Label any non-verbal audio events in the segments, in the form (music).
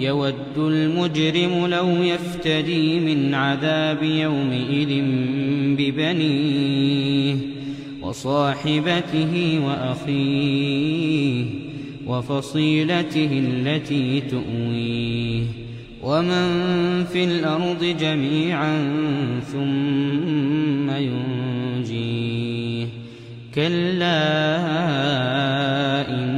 يود المجرم لو يفتدي من عذاب يومئذ ببنيه وصاحبته وأخيه وفصيلته التي تؤويه ومن في الأرض جميعا ثم ينجيه كلا إن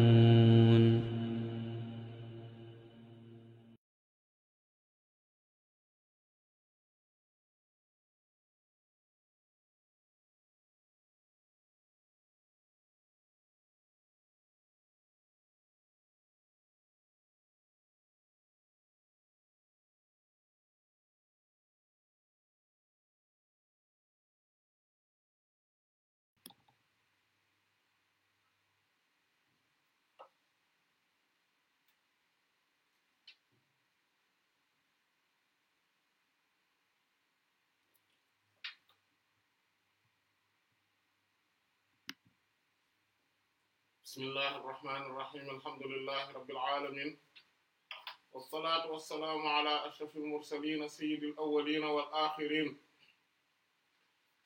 bismillahi irrahmani irrahim alhamdulilahi rabilalamin wasalaatu wassalaamu ala ashraf almursalina sayidi alawalina wal axirin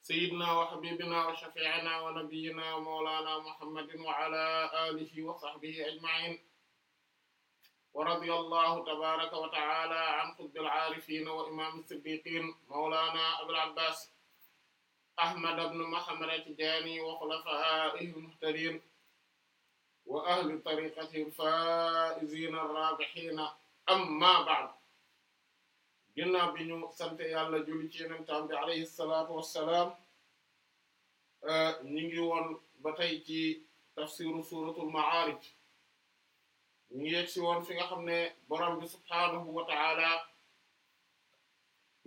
sayidna wa xabibina wa shafiina wa nabiyina mawlana muhammadin wa ala alihi wa sahbihi ajmain wa radi allahu tabaraka wa taala an xutbil aarifina wa imam siddiqin mawlana abul abbas ahmad ibn muhammad at-tijaani wa xulafaa'ihi al-muhtadiin wa ahli tariqati faa'izina rabihiina amma ba'd ginnaaw bi ñu sant yàlla julli ci yenentam bi alayhi salaatu wassalaam eh, ñi ngi woon ba tey ci tafsiru suratul ma'aarij ñu fi nga xam ne borom bi subhaanahu wa ta'ala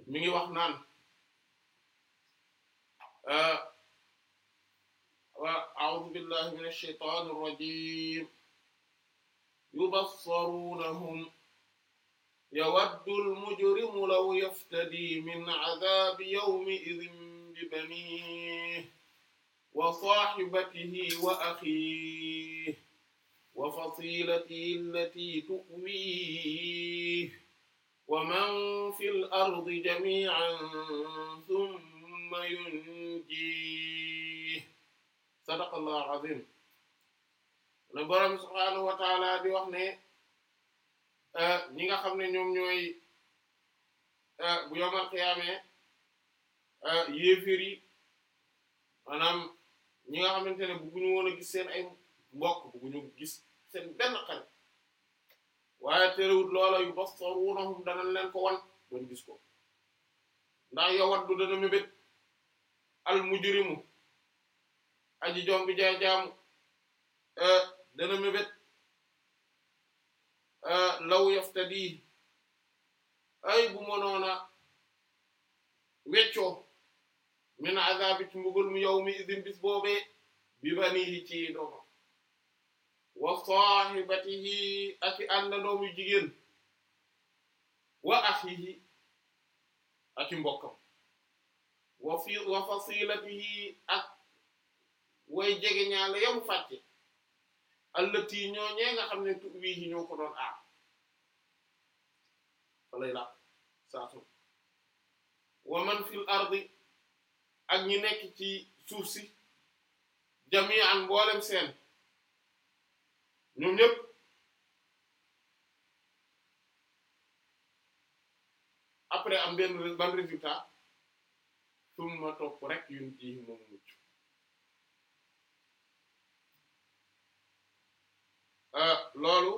mi ngi wax naan eh, أعوذ بالله من الشيطان الرجيم يبصرونهم يود المجرم لو يفتدي من عذاب يومئذ ببنيه وصاحبته وأخيه وفصيلته التي تؤويه ومن في الأرض جميعا ثم ينجيه sadaqallahu azim le borom subhaanahu wa taala di wax ne eh, ñi nga xam ne ñoom ñooy eh, bu yawmal qiyaamee eh, yéeféer yi maanaam ñi nga xamante ne bëgguñu woon a gis seen ay mbokk bëgguñu gis seen benn xarit waaye terewut loola yu bassaruunahum dana leen ko wan bañ gis ko ndax yawaddu dana mébét al mujrimu aji jom bi jaay eh, dana mébét eh, law yaftadi ay bu mënoona weccoo min azabi ci mbugal mu yow mi idin bis bi banihi ci doomam wa sahibatihi ak i àndandoom jigéen wa axihi ak i mbokkam wa fi wa fasilatihi ak way jege ñaale yamu fàcce allët yi ñooñee nga xam ne tu wii yi ñoo ko doon aar fa lay làpp saa su wa man fil ardi ak ñi nekk ci suuf si jam yi jami'an mboolem seen ñoom ñépp après am ban résultat tumma topp rek yun ji moom mucc Ah, loolu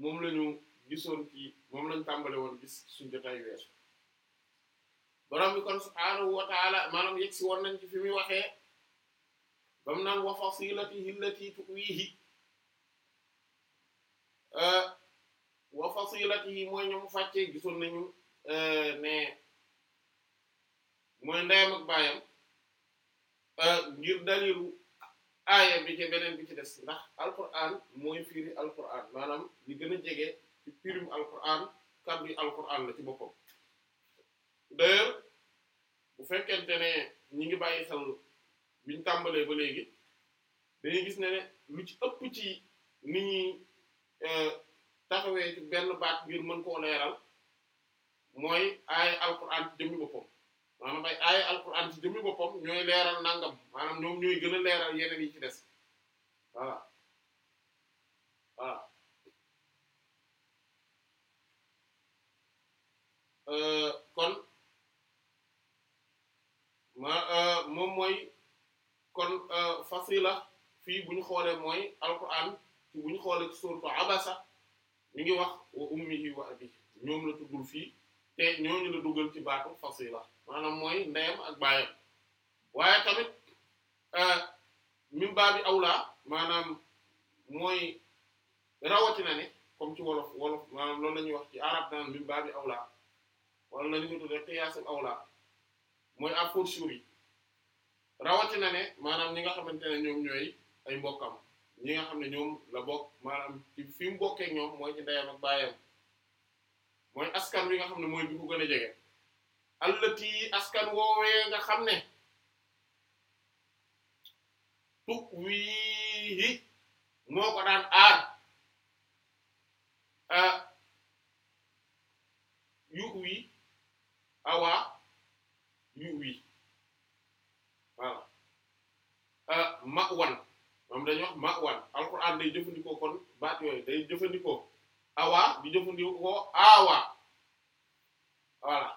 moom la ñu gisoon ci moom lañ tàmbale woon gis suñ jotaay weesu borom bi kon subhaanahu wa taala maanaam yegg si woon nañ fi muy waxee bam naan wa fasilatihi allati tuwiihi ah, wa fasilatihi mooy ñoom fàccee gisoon nañu eh, ne mooy ndeyam ak baayam ah, ngir dalilu aaya bi ci beneen bi ci des ndax alquran mooy firi alquran maanaam li gën a jege ci firim alquran kàddu yi alquran la ci boppam d'ailleurs bu fekkente ne ñi ngi bàyyi xel biñ tàmbalee ba léegi dañuy gis ne ne lu ci ëpp ci ni ñuy e, taxawee ci benn baat ngir mën koo leeral mooy aaya alquran ci jëmmi boppam maanaam ay aaya alquran ci leeral nangam maanaam ñoom ñooy gën a leeral yeneen yi ci des voilà voilà euh, kon ma euh, moom mooy kon euh, fasila fii bu ñu xoolee mooy alquran ci bu ñu xoolee ci suratu abasa ñu ngi wax wa ummihi wa abihi ñoom la tuddul fii te ñooñu la dugal ci baatu fasila maanaam mooy ndeyam ak baayam waaye tamit euh, mim baa bi awlaa maanaam mooy rawatina ne comme ci wolof wolof maanaam loolu la ñuy wax ci arab naan mim baa bi awlaa wala na ñu ko tuddee qiyaasul awlaa mooy a fortiori rawatina ne maanaam ñi nga xamante ne ñoom ñooy ay mbokkam ñi nga xam ne ñoom la bokk maanaam fi mu bokkee ñoom mooy ci ndeyam ak baayam mooy askan wi nga xam ne mooy bi gën a jege allati askan woowee nga xam ne tu wiihi moo ko daan aar yu wi awa yu wi ma wan moom dañuy wax ma wan alquran day jëfandikoo kon baat yooyu day jëfandikoo awa di jëfandikoo awa voilà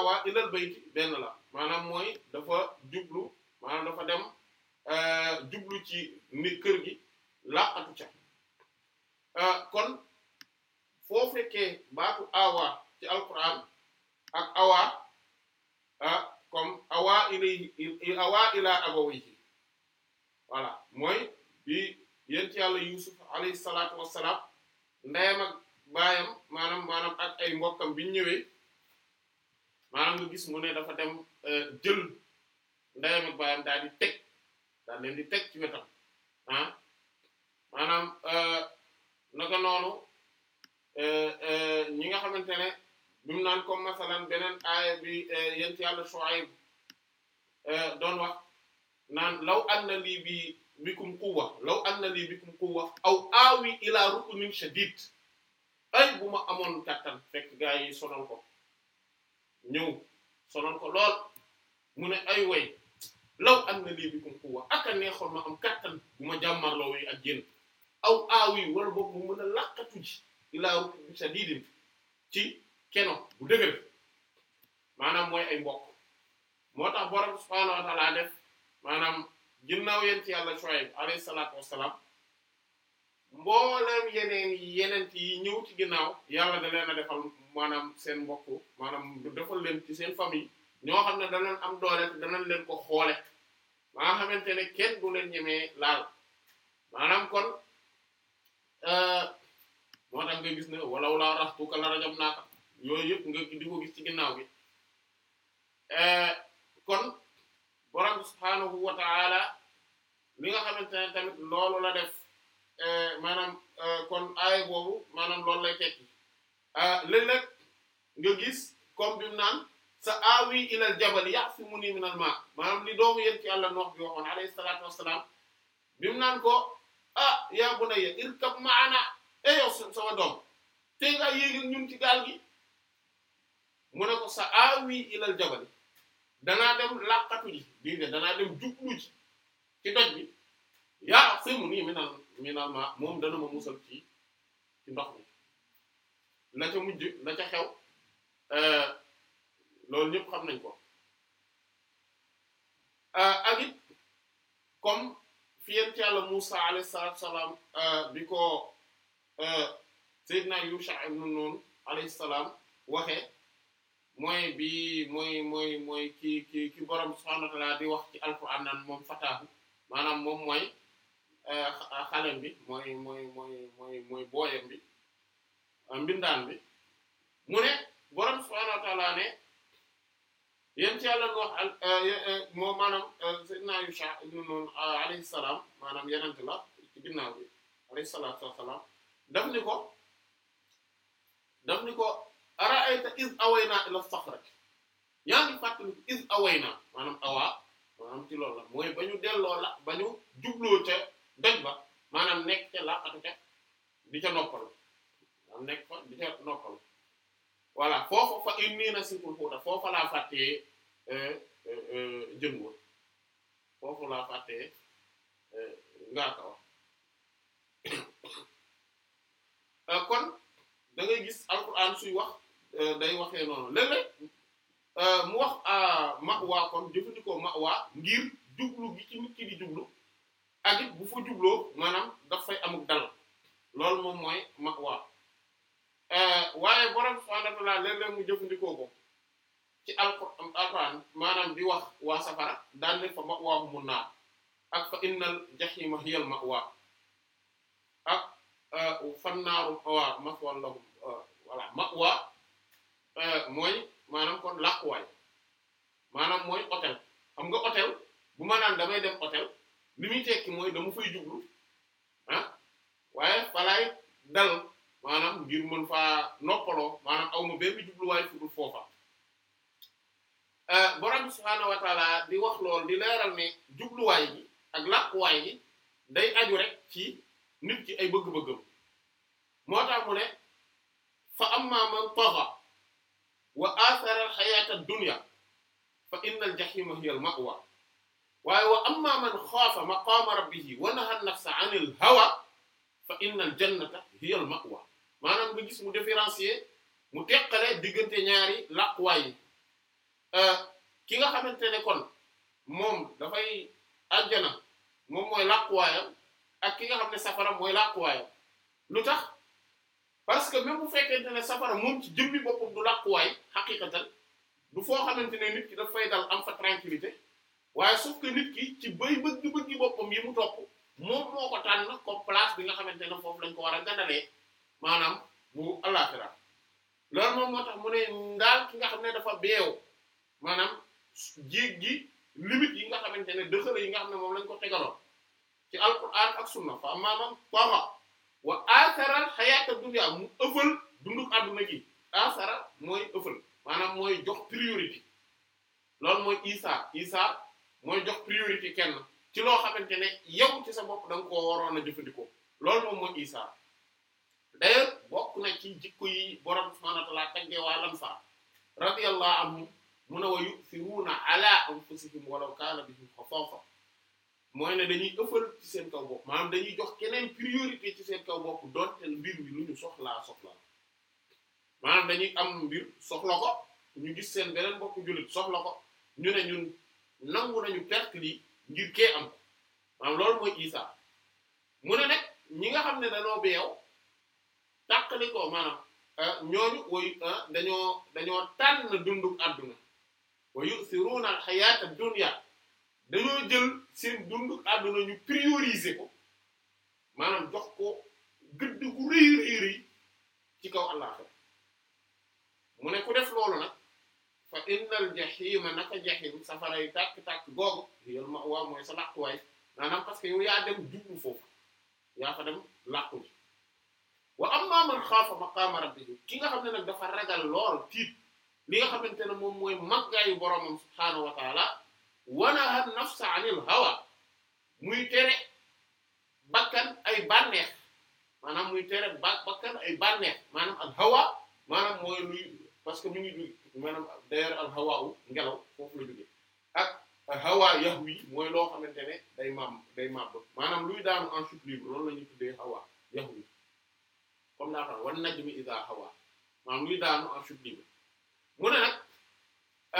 gaawa ilal bayti benn la maanaam mooy dafa jublu maanaam dafa dem euh, jublu ci ni kër gi laqatu ca euh, kon foo fekkee baatu awa ci alquran ak awa ah comme awa ilayhi awa ila abawayhi voilà mooy bi yent yàlla yusuf alayhi salaatu wassalaam gis ne dafa dem euh, jël ndeyam ak baayam daal di teg daal leen di teg ci wetam ah maanaam euh, naka noonu euh, ñi nga xamante ne bi naan comme masalan beneen aaya bi yent yàlla Shuayb doon wax naan law anna lii bi bikum quwwa law anna lii bikum quwwa aw aawi ila ruknin shadid ay bu ma amoon kattan fekk gaa yi ko ñëw sonoon ko lool mu ne ay way law am na lii bikum quwwa ak a neexoon ma am kàttan bu ma jàmmarloo yi ak yéen aw aawi wala boobu mu mën a làqatu ji ilaa rukbin ci keno bu dëgër maanaam mooy ay mbokk moo tax borom subhaanahu wa ta'aala def maanaam ginnaaw yéen ci yàlla Shuayb alayhi salaatu wassalaam mboolem yeneen yi yenent yi ñëw ci ginnaaw yàlla da a defal maanaam seen mbokk maanaam defal leen ci seen famille ñoo xam ne danañ am doole danañ leen ko xoole ba nga xamante ne kenn du leen ñemee laal maanaam kon euh, moo tax nga gis ne wala laa raxtuka la rajam naaka yooyu nga di ko gis ci ginnaaw bi euh, kon borom subhaanahu wa taala li nga xamante ne tamit loolu la def Eh, maanaam eh, kon aaya boobu maanaam loolu lay tekki eh, léeg nga gis comme bi naan sa awi ilal jabal ya'simuni minal ma maanaam li doomu yéen ci yàlla noox bi waxoon alayhi salaatu bi mu naan ko ah yaa bunayya irkab ma'ana e yow sama doom te nga yéegal ñun ci gaal gi mu ne ko sa awi ilal jabal danaa dem làqatu ji dégg nga danaa dem jublu ji ci doj bi ya'simuni minal minal ma moom dana ma musal ci ci ndox mi la ca mujj la ca xew euh, loolu ñëpp xam nañ ko euh, ak it comme fi yent yàlla Musa alayhi salaatu salaam euh, bi ko Seydina Yusha ibn Nun alayhi salaam waxe mooy bi mooy mooy mooy ki ki ki borom subhaanahu wa di wax ci alquran naan moom fataahu maanaam moom mooy Euh, xaleem bi mooy mooy mooy mooy mooy bi euh, mbindaan bi mu ne borom subhaanahu wa ta'aala ne yéen ci yàlla nu euh, moo maanaam sayyidina Yusha ibn Nun alayhi salaam maanaam yenent la ci ginnaaw bi alayhi salaatu wa daf ni ko daf ni ko ara'ayta iz awaynaa ila saxrati yaa ngi fàttali iz awaynaa maanaam awaa maanaam ci loolu mooy ba ñu delloo la ba ñu jubloo ca doj ba maanaam nekk ca laqatu ca di ca noppal maanaam nekk fa di ca noppal voilà foofa fa inni nasitul huuda foofa laa fàttee euh, euh, euh, jën wa foofu laa fàttee ngaa ka wax (coughs) kon da ngay gis alquran suy wax day waxee noonu léeg mu wax ah, ma'wa kon jëfandikoo ma'wa ngir jublu gi ci nit ki di jublu ak it bu fa jubloo maanaam daf fay amuk dal loolu moom mooy ma'wa euh, waaye borom subhaanahu wa ta'aala léeg-léeg mu jëfandikoo ko ci alquran maanaam bi wax waa safara daan ne fa ma'waahumu naar ak fa innal jahiima hiyal ma'wa ak euh, fan naaru waa maswan lahum euh, voilà mooy maanaam kon làquwaay maanaam mooy hôtel xam nga hôtel bu ma naan damay def hôtel li muy tekki mooy dama fay jublu ah waaye falaay dal maanaam aw ma benn jubluwaay fu dul foofa euh, borom bi subhaanahu wa taala di wax lool di leeral ne jubluwaay bi ak làkkuwaay bi day aju rek ci nit ci ay bëgg-bëggam moo tax mu ne fa ammaa man tagha wa athara al-hayaata fa inna al-jahima hiya al waaye wa amma man xaafa maqaama rabbihi wa naha nafsa anil hawa fa inna al jannata hiya al ma'wa maanaam nga gis mu différencier mu teqale diggante ñaari làquwaay yi euh, ki nga xamante ne kon moom dafay àjjana moom mooy làquwaayam ak ki nga xam ne safara mooy làquwaayam lu tax parce que même bu fekkente ne safara moom ci jëmmi boppam du làquwaay xaqiqatan du foo xamante ne nit ki daf fay dal am fa tranquillité waaye sauf que nit ci bay bëgg-bëggi boppam yi mu topp moom moo ko tànn comme place bi nga xamante ne foofu lañ ko war a gànnalee maanaam mu àllaaxira loolu moom moo tax mu ne ndaal ki nga xam ne dafa beew maanaam jéeg gi limite yi nga xamante ne dëxëla yi nga xam ne moom lañ ko tegaloon ci alquran ak sunna fa amma man tawa wa asaral xayaata dunya mu ëffal dundu àdduna gi asara mooy ëffal maanaam mooy jox priorité loolu mooy isa isa mooy jox priorité kenn ci loo xamante ne yow ci sa bopp da nga koo waroon a jëfandikoo loolu moom mooy Isa d'ailleurs bokk na ci jikko yi borom subhanahu wa ta'ala tagge waa Ansaar radiyallahu am mun a wa yu'thiruuna ala anfusihim walaw kaana bihim khasaasa mooy ne dañuy ëffal ci seen kaw bopp maanaam dañuy jox keneen priorité ci seen kaw bopp donte mbir bi lu ñu soxlaa soxla maanaam dañuy am mbir soxla ko ñu gis seen beneen bopp jullit soxla ko ñu ne ñun. nangu nañu perte lii ngir kee am ko loolu mooy isa mu ne nag ñi nga xam ne dañoo beew tàqali ko maanaam ah, ñooñu woy ah, dañoo dañoo tànn dunduk àdduna wa yusiruna alxayaata dunya dañoo jël seen dunduk àdduna ñu prioriser ko maanaam jox ko gëdd gu rëy rëy ci kaw àllaaxira mu ne ku def loolu nag fa innal jahima naka jahim safaray tàkk-tàkk googu yol ma waaw mooy sa làquwaay maanaam parce yow yaa dem jublu foofu yaa fa dem làqu wa amma man xaafa maqaama rabbihi ki nga xam ne nag dafa ragal tiit li nga xamante ne moom mooy màggaayu boroomam subhaanahu wa taala wa naha nafsa anil hawa muy tere bakkan ay bànneex maanaam muy tere ba bakkan ay bànneex maanaam ak hawa maanaam mooy luy parce que mu ngi maanaam d'ailleurs al hawaa ngelaw foofu la jógee ak hawaa yahwi mooy loo xamante ne day maam day màbb maanaam luy daanu en chute libre loolu la tuddee hawaa yahwi comme naa xam wan najmi idaa hawaa maanaam luy daanu en chute mu ne nag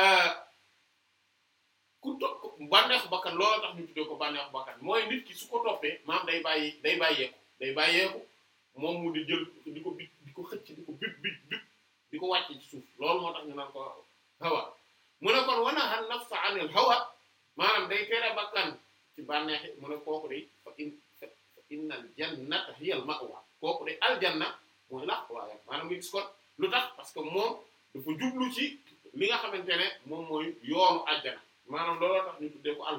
euh, ku topp bànneexu bakkan looloo tax ñu tuddee ko bànneexu bakkan mooy nit ki su ko toppee maam day bàyyi day bàyyeeku day bàyyeeku moom mu di jël di ko xëcc di ko bit bit di ko wàcce ci suuf loolu moo tax ñu naan ko hawa an nafsa hawa maanaam day tere bakkan ci bànneexi mu ne kooku day fa in fa innal jannata hiyal ma'wa kooku day aljanna mooy la waaye maanaam nga gis kon lu tax parce que moom dafa jublu ci li nga xamante ne moom mooy yoonu aljana maanaam looloo tax ñu tuddee ko al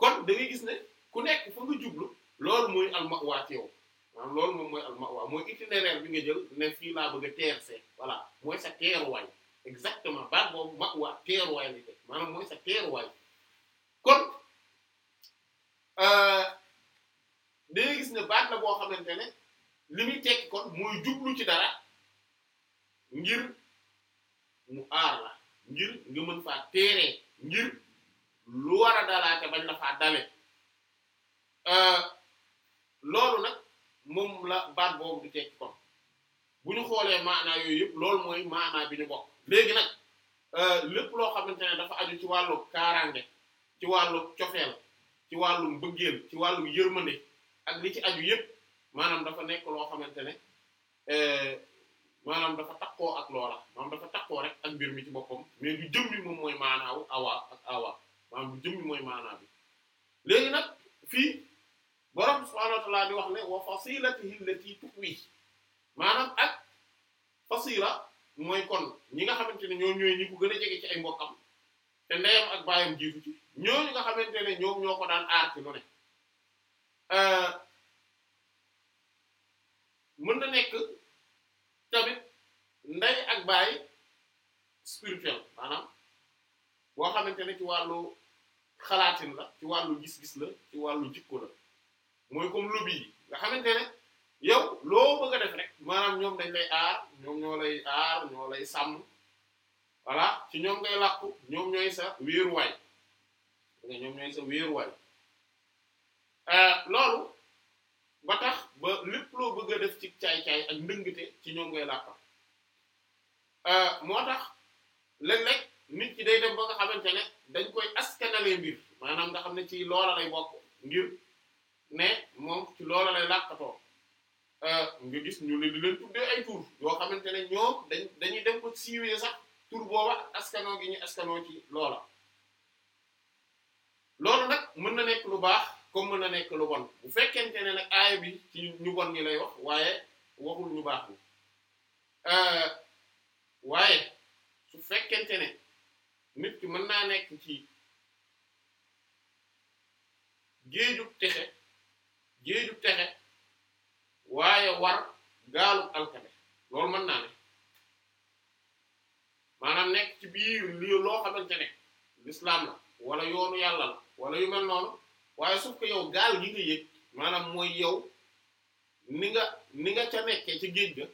kon da gis ne ku nekk fa nga jublu loolu mooy al ma'wa ci yow maanaam loolu moom mooy al ma'wa mooy itinéraire bi nga jël ne fii laa bëgg a teerse voilà mooy sa teeruwaay exactement baat boobu ma'wa teeruwaay li te euh, gis ne baat boo xamante ne li muy tekki mooy jublu ci dara ngir mu aar la ngir nga mën faa teeree ngir lu war a dalaate bañ la faa dale euh, loolu nag moom la baat boobu du tekki kon bu ñu xoolee maanaa yooyu yëpp loolu mooy maanaa bi ñu bokk léegi nag euh, lépp loo xamante ne dafa aju ci wàllu kaaraange ci wàllu cofeel ci wàllu mbëggeel ci wàllu yërmande ak li ci aju yëpp maanaam dafa nekk loo xamante ne euh, maanaam dafa takkoo ak loola maanaam dafa takkoo rek ak mbir mi ci boppam mais du jëm bi moom mooy maanaaw awa ak awa maanaam du jëm bi mooy maanaa bi léegi nag fii borom subhaanahu wa ta'aala di wax ne wa fasilatihi allati tuwi maanaam ak fasila mooy kon ñi nga xamante ne ñoom ñi ko gën a jege ci ay mbokkam te ndeyam ak nga xamante ne ñoom ñoo ko daan aar ci lu ne euh, mën na nekk tamit ndey ak baay spirituel maanaam boo xamante ne ci wàllu xalaatin la ci wàllu gis-gis la ci wàllu jikko la mooy comme lobby yi nga xamante ne yow loo bëgg a def rek maanaam ñoom dañ lay aar ñoom ñoo lay sàmm voilà ci ñoom ngay làkku ñoom ñooy sa wéeruwaay nga ñoom ñooy sa wéeruwaay euh, loolu ba tax ba lépp loo bëgg a def ci caay-caay ak ndëngte ci ñoom ngay làkka euh, moo tax léeg-léeg nit ki day dem ba nga xamante ne dañ koy askanalee mbir maanaam nga xam ne ci loola lay bokk ngir ne moom ci loola lay làqatoo euh, nga gis ñu ne di leen tuddee ay tur yoo xamante ne ñoo dañ dañuy dem ko siiwee sax tur booba askanoo gi ñu askanoo ci loola loolu nag mën na nekk lu baax comme mën na nekk lu bon bu fekkente ne nag aaya bi ci ñu bon ñi lay wax waaye waxul ñu baax bi euh, waaye su fekkente ne nit ki mën naa nekk ci géejug texe géeju texe waaye war gaalu alkane loolu mën naa ne maanaam nekk ci biir lii loo xamante ne lislaam la wala yoonu yàlla la wala yu mel noonu waaye suuf ko yow gaal gi nga yëg maanaam mooy yow ni nga ni nga ca nekkee ca géej ga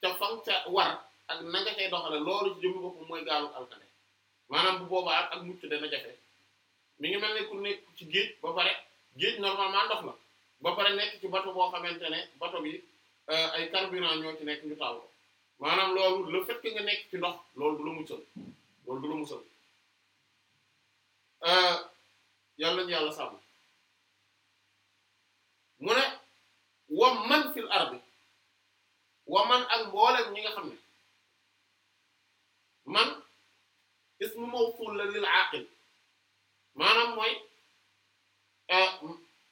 ca fan ca war ak na nga cay doxale loolu ci boppam mooy gaalu alkane maanaam bu boobaa ak mucc dana jafe mi ngi mel ne ku ci géej ba pare géej normalement ndox la ba pare nekk ci bato boo xamante ne bato bi euh, ay carburant ñoo ci nekk ñu taw maanaam loolu le fait nga nekk ci ndox loolu du la musal loolu du la musal euh, yàlla ñu yàlla sàmm mu ne wa man fil ardi wa man ak mboolem ñi nga xam ne man ismu mawsul la lil aqil maanaam mooy Eh,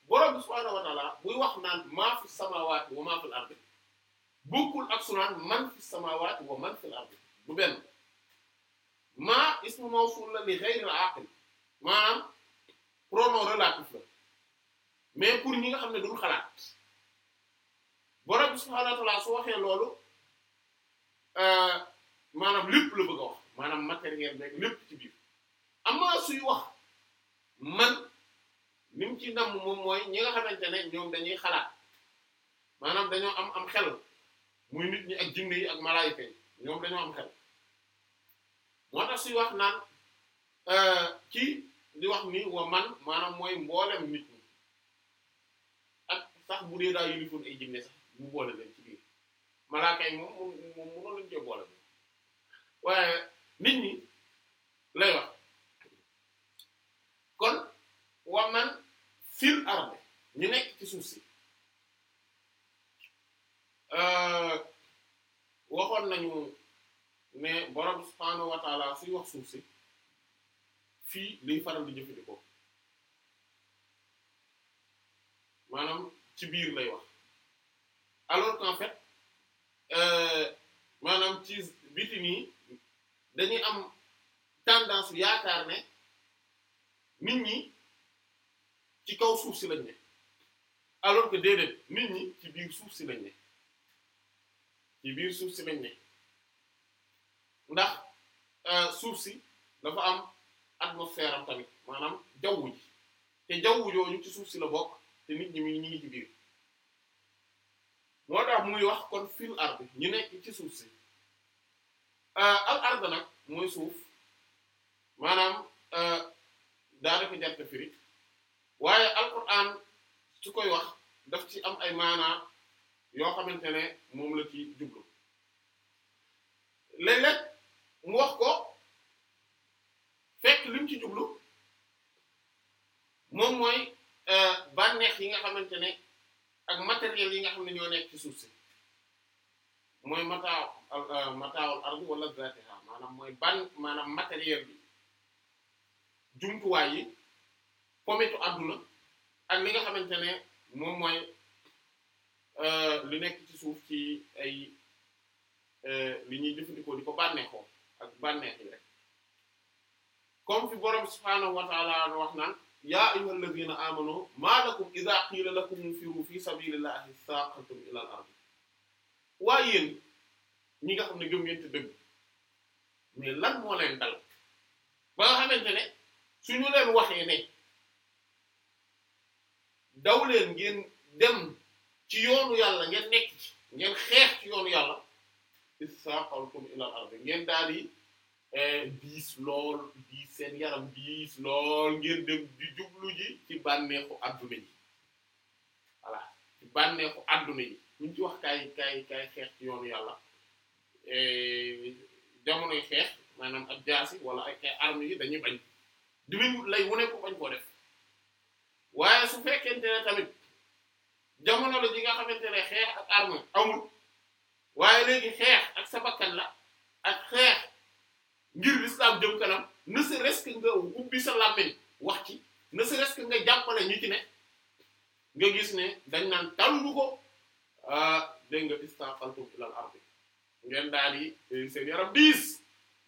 borom bi subhaanahu buy wax naan maa fi samaawaati wa maa fil ardi bokkul ak sunaan man fi samaawaati wa man fil ardi bu benn maa ismu mawsuul la li ghayril aqil maanaam pronom relatif la mais pour ñi nga xam ne duñ xalaat borom bi subhaanahu wa taala su waxee loolu eh, maanaam lépp la bëgg a wax maanaam matériel beeg lépp ci biir amaa suy wax man. li ci nam moom mooy ñi nga xamante ne ñoom dañuy xalaat maanaam dañoo am am xel muy nit ñi ak jinne yi ak malaayika yi ñoom dañoo am xel moo tax suy wax naan euh, ci di wax ni wa man maanaam mooy mboolem nit ñi ak sax bu dee daa yilifoon ay jinne sax mu boole leen ci biir malaaka yi moom moom mënoon lañu cee boole bi waaye nit ñi lay wax kon wa man fil arde ñu nekk ci suuf si euh, waxoon nañu ne borom subhaanahu wa suy wax suuf si fii liy faral di jëfandikoo maanaam ci biir lay wax alors qu'en fait euh, maanaam ci biti nii dañuy am tendance yaakaar ne nit ñi ci kaw suuf si lañ ne alors que déedéet nit ñi ci biir suuf si lañ ne ci biir suuf si lañ ne ndax euh, suuf si dafa am atmosphère am tamit maanaam jawwu ji te jawwu jooju ci suuf si la bokk te nit ñi ñu ngi ci biir moo tax muy wax kon fil ard ñu nekk ci suuf si euh, al ard nag mooy suuf maanaam euh, daanaka jàpp firi waaye alquran su koy wax daf ci am ay maanaa yoo xamante ne moom la ci jublu léeg-léeg mu wax ko fekk luñ ci jublu moom mooy euh, bànneex yi nga xamante ne ak matériel yi nga xam ne ñoo nekk ci suuf si mooy mataaw euh, mataawul ardi wala zaatiha maanaam mooy ban maanaam matériel bi jumtuwaay yi pometu àdduna ak li nga xamante ne moom mooy euh, li nekk ci suuf ci ay euh, li ñuy jëfandikoo di ko bànneexoo ak bànneex yi rek comme fi borom subhaanahu wa ta'ala wax naan yaa ayyuhal ladhina ñi nga xam ne gëm ngeen te dëgg mais lan moo leen dal ba xamante ne suñu leen waxee ne daw leen ngeen dem ci yoonu yàlla ngeen nekk ci ngeen xeex ci yoonu yàlla issaqaltum ilal ardi ngeen daal di eh, diis lool diis seen yaram diis lool ngeen dem di jublu ji ci bànneexu adduna yi voilà ci bànneexu adduna yi buñ ci wax kaay kaay kaay xeex ci yoonu yàlla eh, jamonoy xeex maanaam ak jaasi wala ay armes yi dañuy bañ di lay wane ko bañ koo def waaye su fekkente ne tamit jamono la ji nga xamante ne xeex ak arme amul waaye léegi xeex ak sa bakkan la ak xeex ngir l'islam jëm kanam ne serait-ce nga ubbi sa làmmiñ wax ci ne serait-ce que nga jàppale ñu ci ne nga gis ne dañ naan tàndu ko ah dégg nga istaqaltum ilal ardi daal di seen yaram diis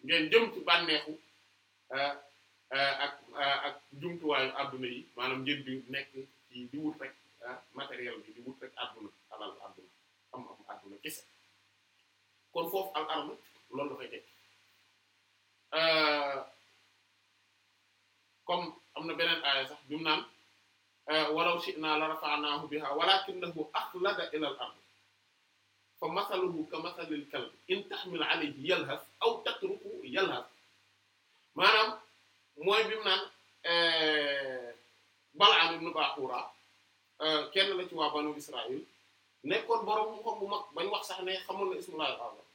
ngeen jëm ci ah, Euh, ak euh, ak jumtuwaayu adduna yi maanaam ngeen di nekk ci di wut rek ah, matériel bi di wut rek adduna alal adduna am am adduna kese kon foofu al arme loolu la koy teg euh, comme am na beneen aaya sax bi mu naan walaw shi'naa la rafa'naahu bihaa walaakinnahu axlada ilal ardi fa masaluhu ka masalil kalbi in taxmil alayhi yalhas aw tatruku yalhas maanaam mooy bi mu naan euh, Balaam ibn Baqura euh, kenn la ci waa banu Israël nekkoon borom mu xam bu mag bañ wax sax ne xamoon na ismul laahil a'zam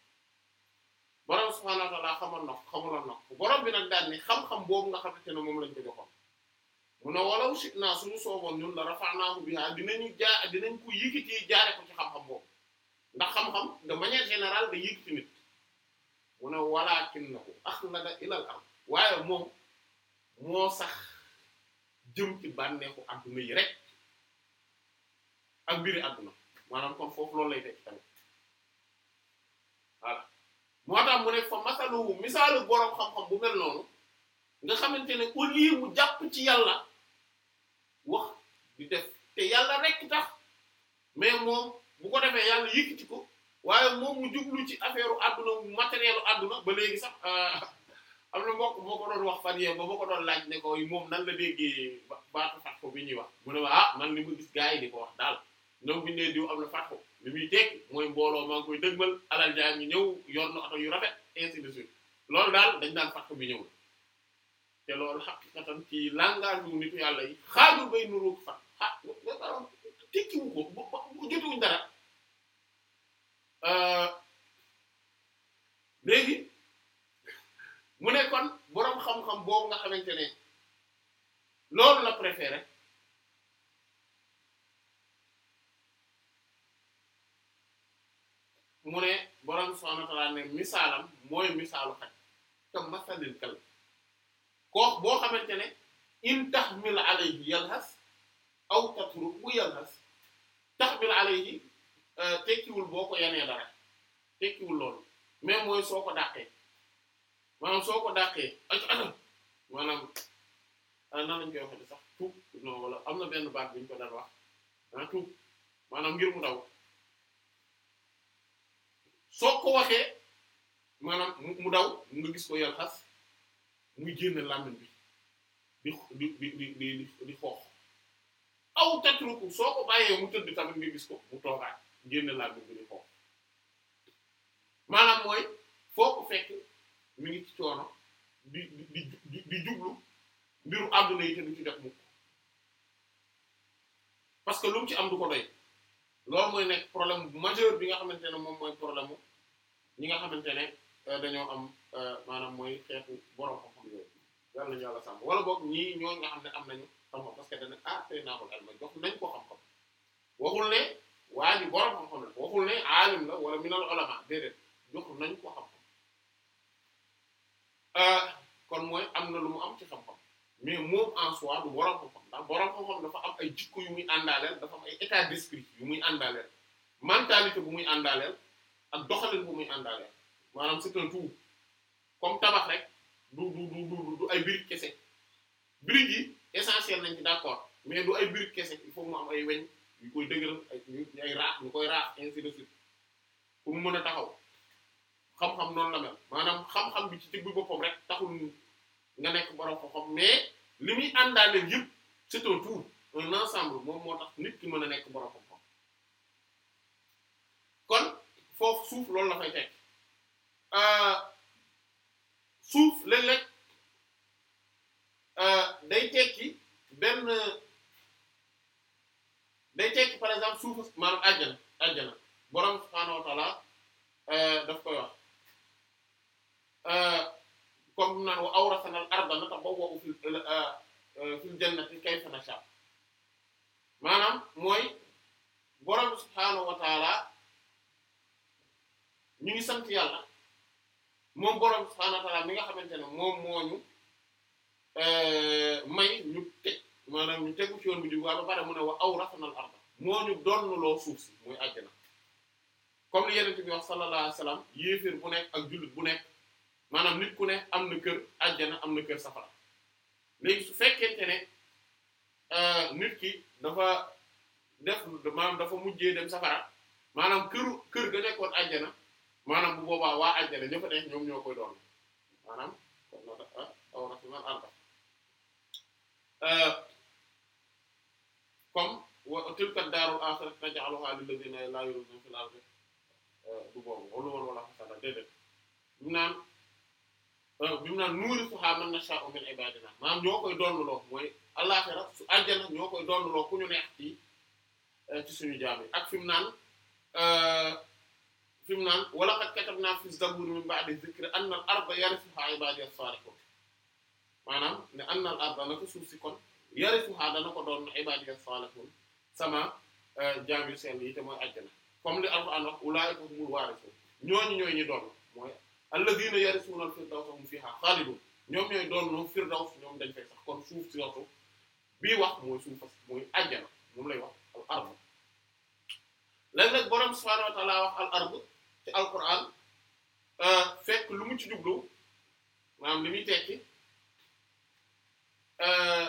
borom subhaanahu wa ta'aala xamoon na ko xamuloon na bi nag daal ni xam-xam boobu nga xamante ne moom lañ ko joxoon mu ne walaw shi'naa suñu sooboon ñun dinañu jaa dinañ ko yëkkati jaare ko ci xam-xam boobu ndax xam-xam de manière générale da yëkkati nit mu ne walaakinnahu axlada ilal ard waaye moom. moo sax jëm ci bànneexu adduna yi rek ak mbiri adduna maanaam kon foofu loolu lay teg tamit moo tax mu ne fa masaluhu misaalu borom xam-xam bu mel noonu nga xamante ne ko lieu mu jàpp ci yàlla wax di def te yàlla rek tax mais moom bu ko defee yàlla yëkkati ko waaye moom mu jublu ci affaire u adduna matériel ba léegi sax euh, am na mbokk moo ko doon wax fan yee ba ma ko doon laaj ne ko moom nan la déggee baatu fatxu bi ñuy wax mu ne ma ah man li ma gis gars di ko wax daal ñoom bu ñu diw am na fatxu li muy teg mooy mbooloo maa ngi koy dëgmal alal jaa ngi ñëw yoon na oto yu rafet ainsi de loolu daal dañ naan fatxu bi ñëw te loolu xaqiqatan ci langage mu nitu yàlla yi xaajul bay nuroog fat ah tekkiwu ko jotuwuñ dara euh, léegi mu ne kon boroom xam-xam boobu nga xamante ne loolu la préféré mu ne boroom subhaanahu wa ta'aala ne misaalam mooy misaalu xaj te masalil kal koox boo xamante ne in tahmil alayhi yalhas aw tatruku yalhas tahmil alayhi euh, tekkiwul boo ko yanee dara tekkiwul loolu mais mooy soo ko dàqee maanaam soo ko dàqee aju anam maanaam ah, nan lañ koy waxee sax tuub non wala am na benn baat bi ñu ko daan wax ah tuub maanaam ngir mu daw soo ko waxee maanaam mu daw nga gis ko yal xas muy génne bi di xoox aw tatruku soo ko bàyyee mu tëdd tamit nga gis ko mu toogaat génne làmmiñ bi di xoox maanaam mooy foo ko fekk. mi ngi ci coono di di di jublu mbiru àdduna yi te du ci def mukk parce que lu ci am du ko doy loolu mooy nekk problème bu majeur bi nga xamante ne moom mooy problème mu ñi nga xamante ne euh, dañoo am euh, maanaam mooy xeetu borom xam-xam sàmm wala boog ñii ñoo nga xam ne am nañu xam-xam parce que dana ah tey naa ko jox nañ ko xam-xam waxul ne waa ji borom xam-xam la waxul ne aalim la wala minal ulama déedéet jox nañ ko xam. Euh, kon mooy am na lu mu am ci xam-xam mais mu en soi du borom xam-xam dafa am ay jikko yu muy àndaaleel dafa am ay état d'esprit yu muy àndaaleel mentalité bu muy àndaaleel ak doxalin bu muy àndaaleel maanaam c'est un tout comme tabax rek du du du du ay briques kese briques yi essentiel nañ ci d'accord mais du ay briques kese il faut mu am ay weñ yu koy dëgëral ay ay raax ñu koy raax ainsi de suite pour mu mën a taxaw. xam-xam noonu la mel maanaam xam-xam bi ci digg boppam rek taxul nga nekk borom ko xam mais li muy àndaale yëpp c'est un tout moom moo tax nit ki mën a nekk borom ko xam kon foofu suuf loolu la fay teg euh, suuf léeg-léeg euh, day tekki benn day tekki par exemple suuf maanaam àjjana àjjana borom subhaanahu wa taala euh, daf koy wax. Euh, comme mu aw wa awrasana al arda natabawwa'u fil euh, euh, fil jannati kayfa nasha maanaam mooy borom subhaanahu wa taala ngi sant yàlla moom borom subhaanahu wa mi nga xamante ne moom moo ñu may ñu teg maanaam ñu tegu ci yoon bu jub waaye ba pare mu ne wa awrasana al arda moo ñu donnloo suuf si muy àjjana comme li Yonent bi wax sallallahu alayhi wa sallam yéeféer bu nekk ak jullit bu nekk. maanaam nit ku ne am na kër àjjana am na kër safara léegi su fekkente ne nit ki dafa def maanaam dafa mujjee dem safara maanaam këru kër ga nekkoon àjjana maanaam bu booba waa àjjana ñoo fa ne ñoom ñoo koy doon maanaam kon noo tax aw rasuman arda comme wa tilka daarul aaxirati naj'aluhaa lillaziina laa yuriiduuna fil ardi du boobu wala wala wala xasana déedéet naan Euh, bi mu naan nuuri fu xaa mën na saa ku ñu neex ci euh, ci ak fi naan fi mu naan euh, wala qad katabna fi zabur min ba'di ne anna arda na ko suuf si kon yarithuha dana ko doon ibadi as-salihun sama jaam yu seen yi te mooy comme li alquran wax ulaa'ika humul waarithun ñooñu ñooy doon mooy alladhina yarisuna al-firdawsa hum fiha khalidun ñoom ñooy doon ñoom firdaws ñoom dañ fay sax kon suuf si waxtu bii wax mooy suuf parce que mooy àjjana moom lay wax al ard léeg nag borom subhanahu wa ta'ala wax al ard ci alquran euh, fekk lu mu ci jublu maanaam li muy tekki euh,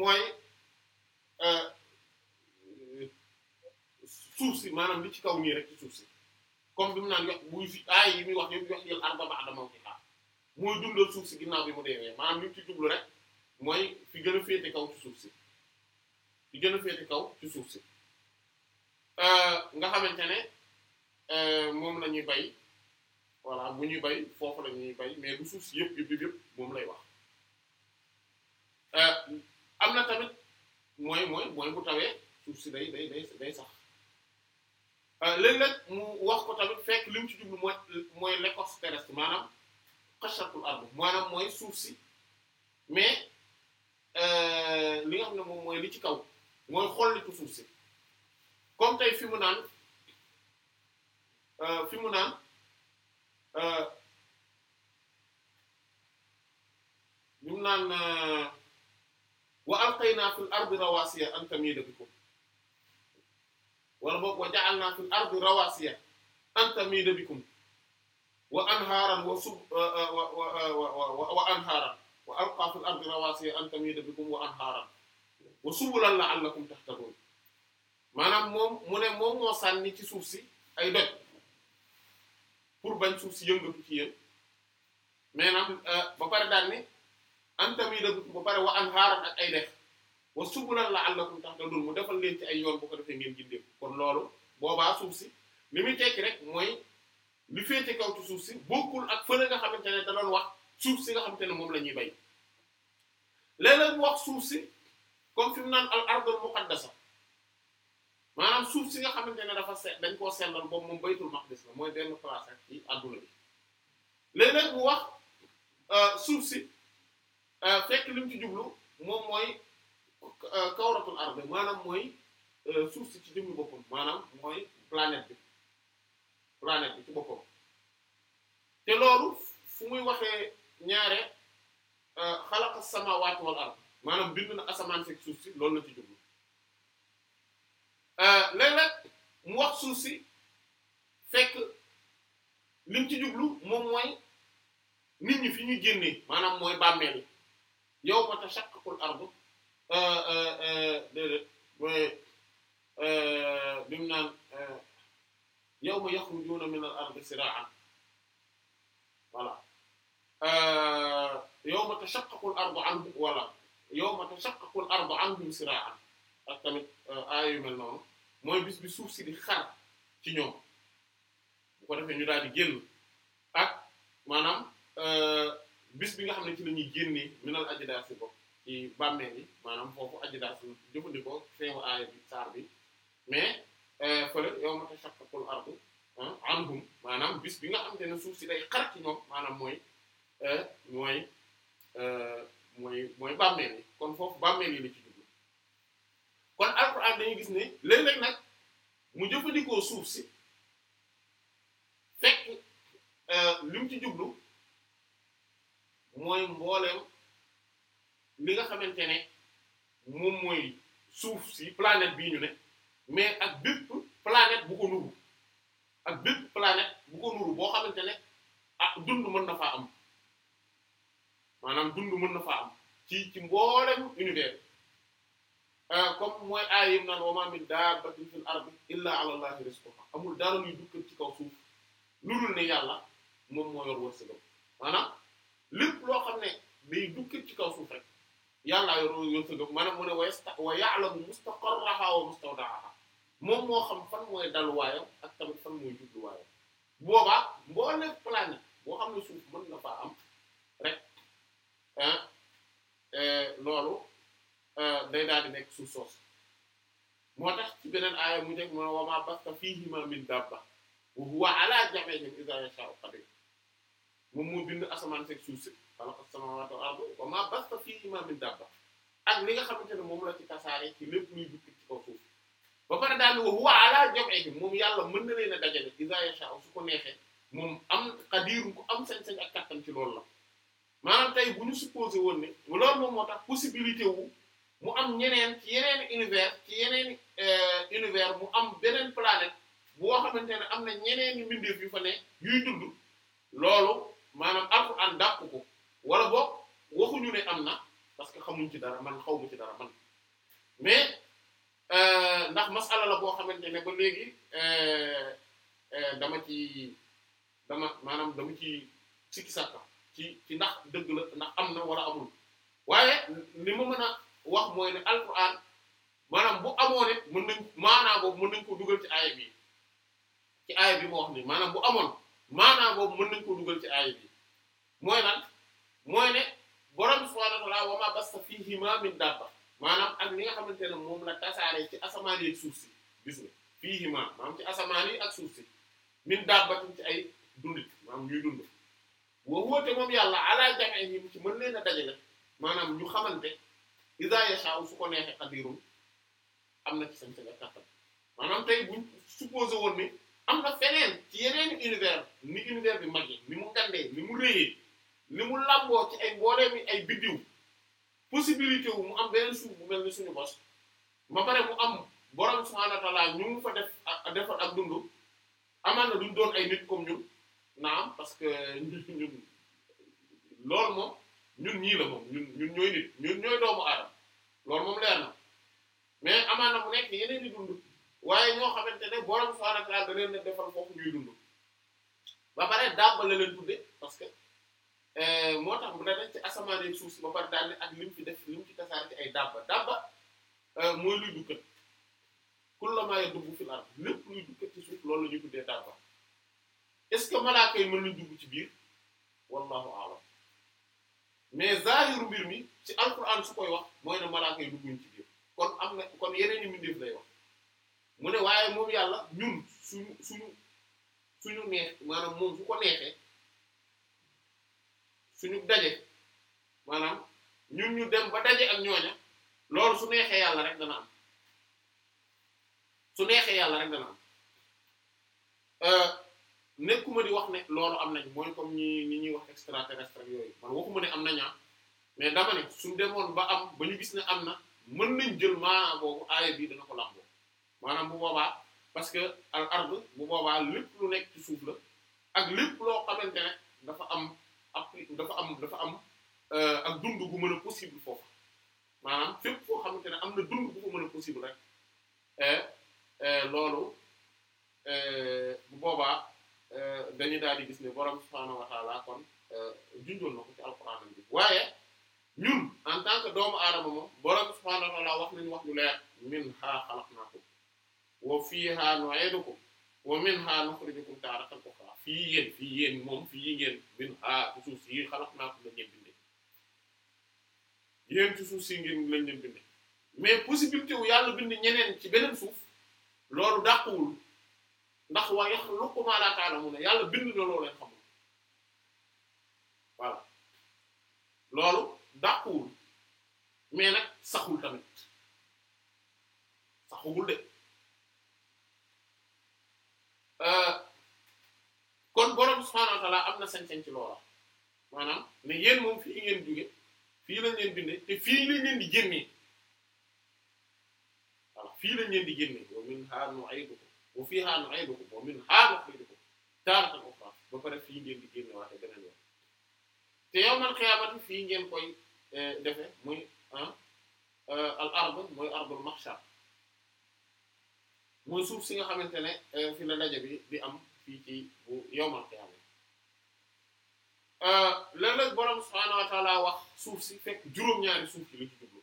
mooy euh, suuf si maanaam li ci kaw nii rek ci suuf si. comme bi mu naan yox bu si aay yi muy wax yëpp yox yël arda ba adama ci xaar mooy dundal suuf si ginnaaw bi mu deewee maanaam li mu ci jublu rek mooy fi gën a féete kaw ci suuf si fi gën a féete ci suuf si euh, nga xamante ne euh, moom la ñuy bay voilà bu ñuy bay foofu la ñuy bay mais bu suuf si yëpp yëpp yëpp moom lay wax euh, am na tamit mooy mooy mooy bu tawee suuf si day day day day sax Euh, léeg-léeg mu wax ko tamit fekk li ci jublu mooy mooy l'écorce terrestre maanaam xachatul arbre maanaam mooy suuf si mais euh, li nga xam ne moom mooy li ci kaw mooy xollitu suuf si comme tey fi mu naan euh, fi mu naan li mu naan wa alqaynaa fil ardi rawasiya an tamida bikum wala boog wa ja'alna fil ardi rawasiya an tamida bikum wa anhaaran wa sub wa anhaaran wa alqa fil ardi rawasiya an tamida bikum wa anhaaran wa subulan la'allakum tahtadun maanaam moom mu ne moom moo sànni ci suuf si ay doj pour bañ suuf si yëngatu ci yéen mais nag euh, ba pare daal ni an tamida bikum ba pare wa anhaaran ak ay dex wa subulan la'allakum tahtadun mu defal leen ay yoon bu ko defee ngeen kon loolu boobaa suuf si li muy tekki rek mooy li féete kaw suuf si ak fële nga xamante ne da doon suuf si nga xamante ne moom la ñuy bay léeg suuf si comme al ardul muqaddasa maanaam suuf si nga xamante ne dafa se dañ koo sellal boobu moom baytul maqdis la mooy benn place ak ci adduna euh, suuf si euh, fekk li mu ci jublu moom mooy Euh, kawratul ardi maanaam mooy euh, suuf si ci jëmmi boppam maanaam mooy planète bi planète bi ci boppam te loolu fu muy waxee ñaare euh, xalaqa samaawaati wal ard maanaam bind na asamaan fekk suuf si loolu la ci jublu léeg-léeg mu wax suuf si fekk lim ci jublu moom mooy nit ñi fi ñuy génnee maanaam mooy bàmmeel yi yawma tashaqqaqul ardu Euh, euh, euh, déedéet bi mu naan yawma yaxrujuuna min al ardi sira'an voilà yawma tashaqqaqu al ardu anhum wala yawma tashaqqaqu al ardu anhum sira'an ak tamit aay yu mel noonu mooy bis bi suuf si di xar ci ñoom bu ko defee ñu daal di génn ak maanaam bis bi nga xam ne ci la ñuy génnee minal ajdaasi bopp ci bàmmeel yi maanaam foofu aji daal suñu jëfandikoo feewu aaya bi saar bi mais euh, fële yow ma tashaqqaqul ardu anhum maanaam bis bi nga xamante ne suuf si day xar ci ñoom maanaam euh, euh, mooy mooy bàmmeel yi kon foofu bàmmeel yi la ci jublu kon alquran dañuy gis ni léeg nag mu jëfandikoo suuf si fekk li ci jublu mooy mbooleem li nga xamante ne moom mooy suuf si planète bii ñu ne mais ak bépp planète bu ko nuru ak bépp planète bu ko nuru boo xamante ne ah dund mën na faa am maanaam dund mën na faa am ci ci mboolem univers euh, comme mooy aay yim naan wa ma min dabbatin fil ardi illa ala allahi rizquha amul dara luy dukkat ci kaw suuf lu dul ne yàlla moom moo yor wërsëgam maanaam lépp loo xam ne day dukkat ci kaw suuf rek yàllaa yoroo yor sëgam maanaam mu ne wa yasta wa ya'lamu mustaqarraha wa mustawda'aha moom moo xam fan mooy daluwaayam ak tamit fan mooy jubluwaayam boobaa mboo nekk planète boo xam ne suuf mën na faa am rek ah, eh, loolu eh, day daal nekk suuf soos moo tax ci beneen aaya mu njëkk mu ne wa maa basta fiihimaa min daabba wa huwa alaa jam'ihim idhaa yashaa'u qadiir moom moo bind asamaan seeg suuf si xalaqa samaawaati wal arda wa maa basta fiihimaa min daabba ak li nga xamante ne moom la ci tasaare ci lépp luy dikk ci kaw suuf ba pare daal di wa huwa alaa jam'ihim moom yàlla mën na leen a dajale izaa yashaa'u su ko neexee moom am qadiiru ku am sañ-sañ ak kattan ci loolu la maanaam tey bu ñu supposé woon ne loolu moom moo tax possibilité wu mu am ñeneen ci yeneen univers ci yeneen euh, univers mu am beneen planète boo xamante ne am na ñeneen i mbindeef yu fa ne yuy maanaam alxuraan ko wala boog waxuñu ne am na parce que xamuñ ci dara man xaw ma ci dara man mais euh, ndax masala la boo xamante ne ko léegi euh, euh, dama ci dama maanaam dama ci sikki sàkka ci ci ndax dëgg la ndax am na war a amul waaye li ma mën a wax mooy ne alquran maanaam bu amoon mën nañ maanaa mën nañ ko dugal ci aaya bi ci aaya bi moo wax ni maanaam bu amoon maanaa boobu mën nañ koo dugal ci aaya bi mooy nag mooy ne borom subhaanahu wa ta'aala wa maa bassa fiihimaa min daabba maanaam am li nga xamante ne moom la tasaaree ci asamaan yi ak suuf si gis nga fiihimaa maanaam ci asamaan yi ak suuf si min daabbatin ci ay dundit maanaam ñuy dund wa te moom yàlla ala jam'ihim ci mën leen a dajale maanaam ñu xamante izaa yashaa'u su ko neexee qadirun am na ci sañ-sañ ak kàttan maanaam tey buñ supposé woon ni am na feneen ci yeneen univers ni univers bi mag yi ni mu gàndee ni mu rëyee li mu làmboo ci ay mbooleem yi ay biddiw possibilité wu mu am beneen suuf bu mel ni suñu bos ba pare mu am borom subhaanahu wa ta'aala ñu mu fa def defal ak dund amaan na duñ doon ay nit comme ñun naam parce que ñun (laughs) ñun loolu moom ñun doomu aadama loolu moom leer na mais amaan na mu nekk yeneen di dund waaye ñoo xamante ne borom subhaanahu wa ta'aala da leen ne defal foofu ñuy dund ba pare dàbbale leen tudde parce que. Euh, moo tax mu ne rek ci asamaan ak suuf si ba pare daal ne ak lim fi def lim fi tasaare ci ay dabba dabba euh, mooy luy dukkat kullamaa yadubbu fil ard lépp luy dukkat ci suuf loolu la ñuy tuddee dabba est-ce que malaaka yi mën nañ ci biir wallahu a'lam mais zaahiru mbir mi ci alquran su koy wax mooy ne malaaka yi dugguñ ci biir kon am na kon yeneen i mbindeef lay wax mu ne waaye moom yàlla ñun suñu suñu suñu neex maanaam moom fu ko neexee. suñu daje maanaam ñun ñu dem ba daje ak ñooña loolu su neexee yàlla rek dana am su neexee yàlla rek dana am euh, nekkuma di wax ne loolu am nañ mooy comme ñi ñi ñuy wax extraterrestre yooyu man waxuma ne am naña ah, mais dama ne suñ demoon ba am ba ñu gis ne am na mën nañ jël maanaam boobu aaya bii dana ko làmboo maanaam bu boobaa parce que al bu boobaa lépp lu nekk ci suuf la ak lépp loo xamante ne dafa am ak dafa am dafa am euh, ak dund bu mën a possible foofu maanaam fépp foo xamante ne am na dund gu fa mën a possible rek eh, eh, loolu eh, bu boobaa dañuy daal di gis ne borom subhaanahu wa taala kon junjoon na ci alquran bi waaye ñun en tant que doomu aadama moom borom subhaanahu wa taala wax nañu wax lu leer minha xalaqnaakum wa fiiha nu'iidukum wa minha nuxrijukum taaratan fii yéen fii yéen moom fii ngeen min haa ci suuf si xalaat naa ko lañ leen bindee yéen ci suuf si ngeen lañ leen bindee mais possibilité wu yàlla bind ñeneen ci beneen suuf loolu dàquwul ndax wa yaxluqu maa laa ta'lamuun yàlla bind na loo leen xamul voilà loolu dàquwul mais nag saxul tamit saxugul de. Euh, kon borom subhaanahu wa ta'aala am na sañ-sañ ci loola maanaam ne yéen moom fii ngeen jóge fii lañ leen bindee te fii lañ leen di génnee voilà fii lañ leen di génnee wa minhaa nu'iidukum wa fiihaa nu'iidukum wa minhaa nukhrijukum taaratan ukhraa ba pare fii ngeen di génne waate beneen yoon te yawmal qiyaamati fii ngeen koy eh, defee muy ah eh, al ard mooy ardul mahshar mooy suuf si nga xamante ne eh, fi la daje bi di am. fii ci bu yowmal qiyaama euh, léeg-léeg borom subhaanahu wa wax suuf si fekk juróom-ñaari suuf yi la ci jublu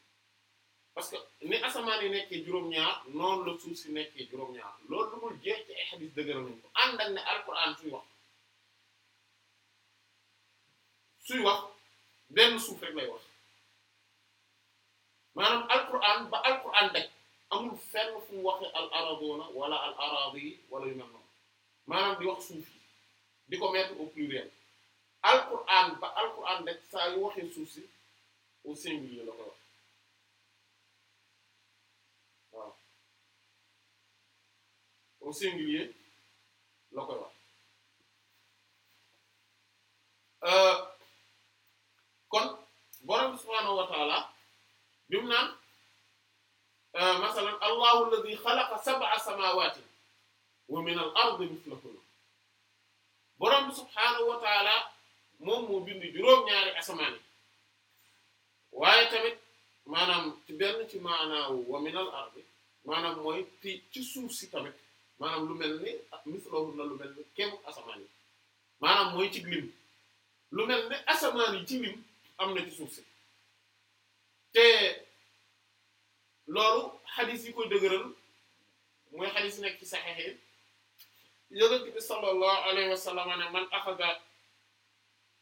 parce que ni asamaan yi nekkee juróom-ñaar noonu la suuf si nekkee juróom-ñaar loolu lu jeex ci ay xadis dëgëral nañ ko ànd ak ne alquran suy wax suy wax benn suuf rek lay wax maanaam alquran ba alquran daj amul fenn fu mu waxe al araduna wala al aradi wala yu mel maanaam di wax suuf si di ko mettre au pluriel alquran ba alquran rek saa yu waxee suuf si au singulier la ko wax au singulier la koy wax euh, kon borom subhaanahu wa taala bi mu naan euh, masalan allahu alladi xalaqa sab'a samawati wa min al ardi mislahunna borom bi subhaanahu wa taala moom moo bind juróom-ñaari asamaan waaye tamit maanaam ci benn ci maanaawu wa min maanaam mooy ti ci suuf si tamit maanaam lu mel ni mislahunna lu mel ni kem asamaan maanaam mooy ci lim lu mel ni asamaan yi ci lim am na ci suuf si te loolu xadis yi koy dëgëral mooy xadis nekk ci saxexe yonent bi sallallahu alayhi wa sallam ne man axada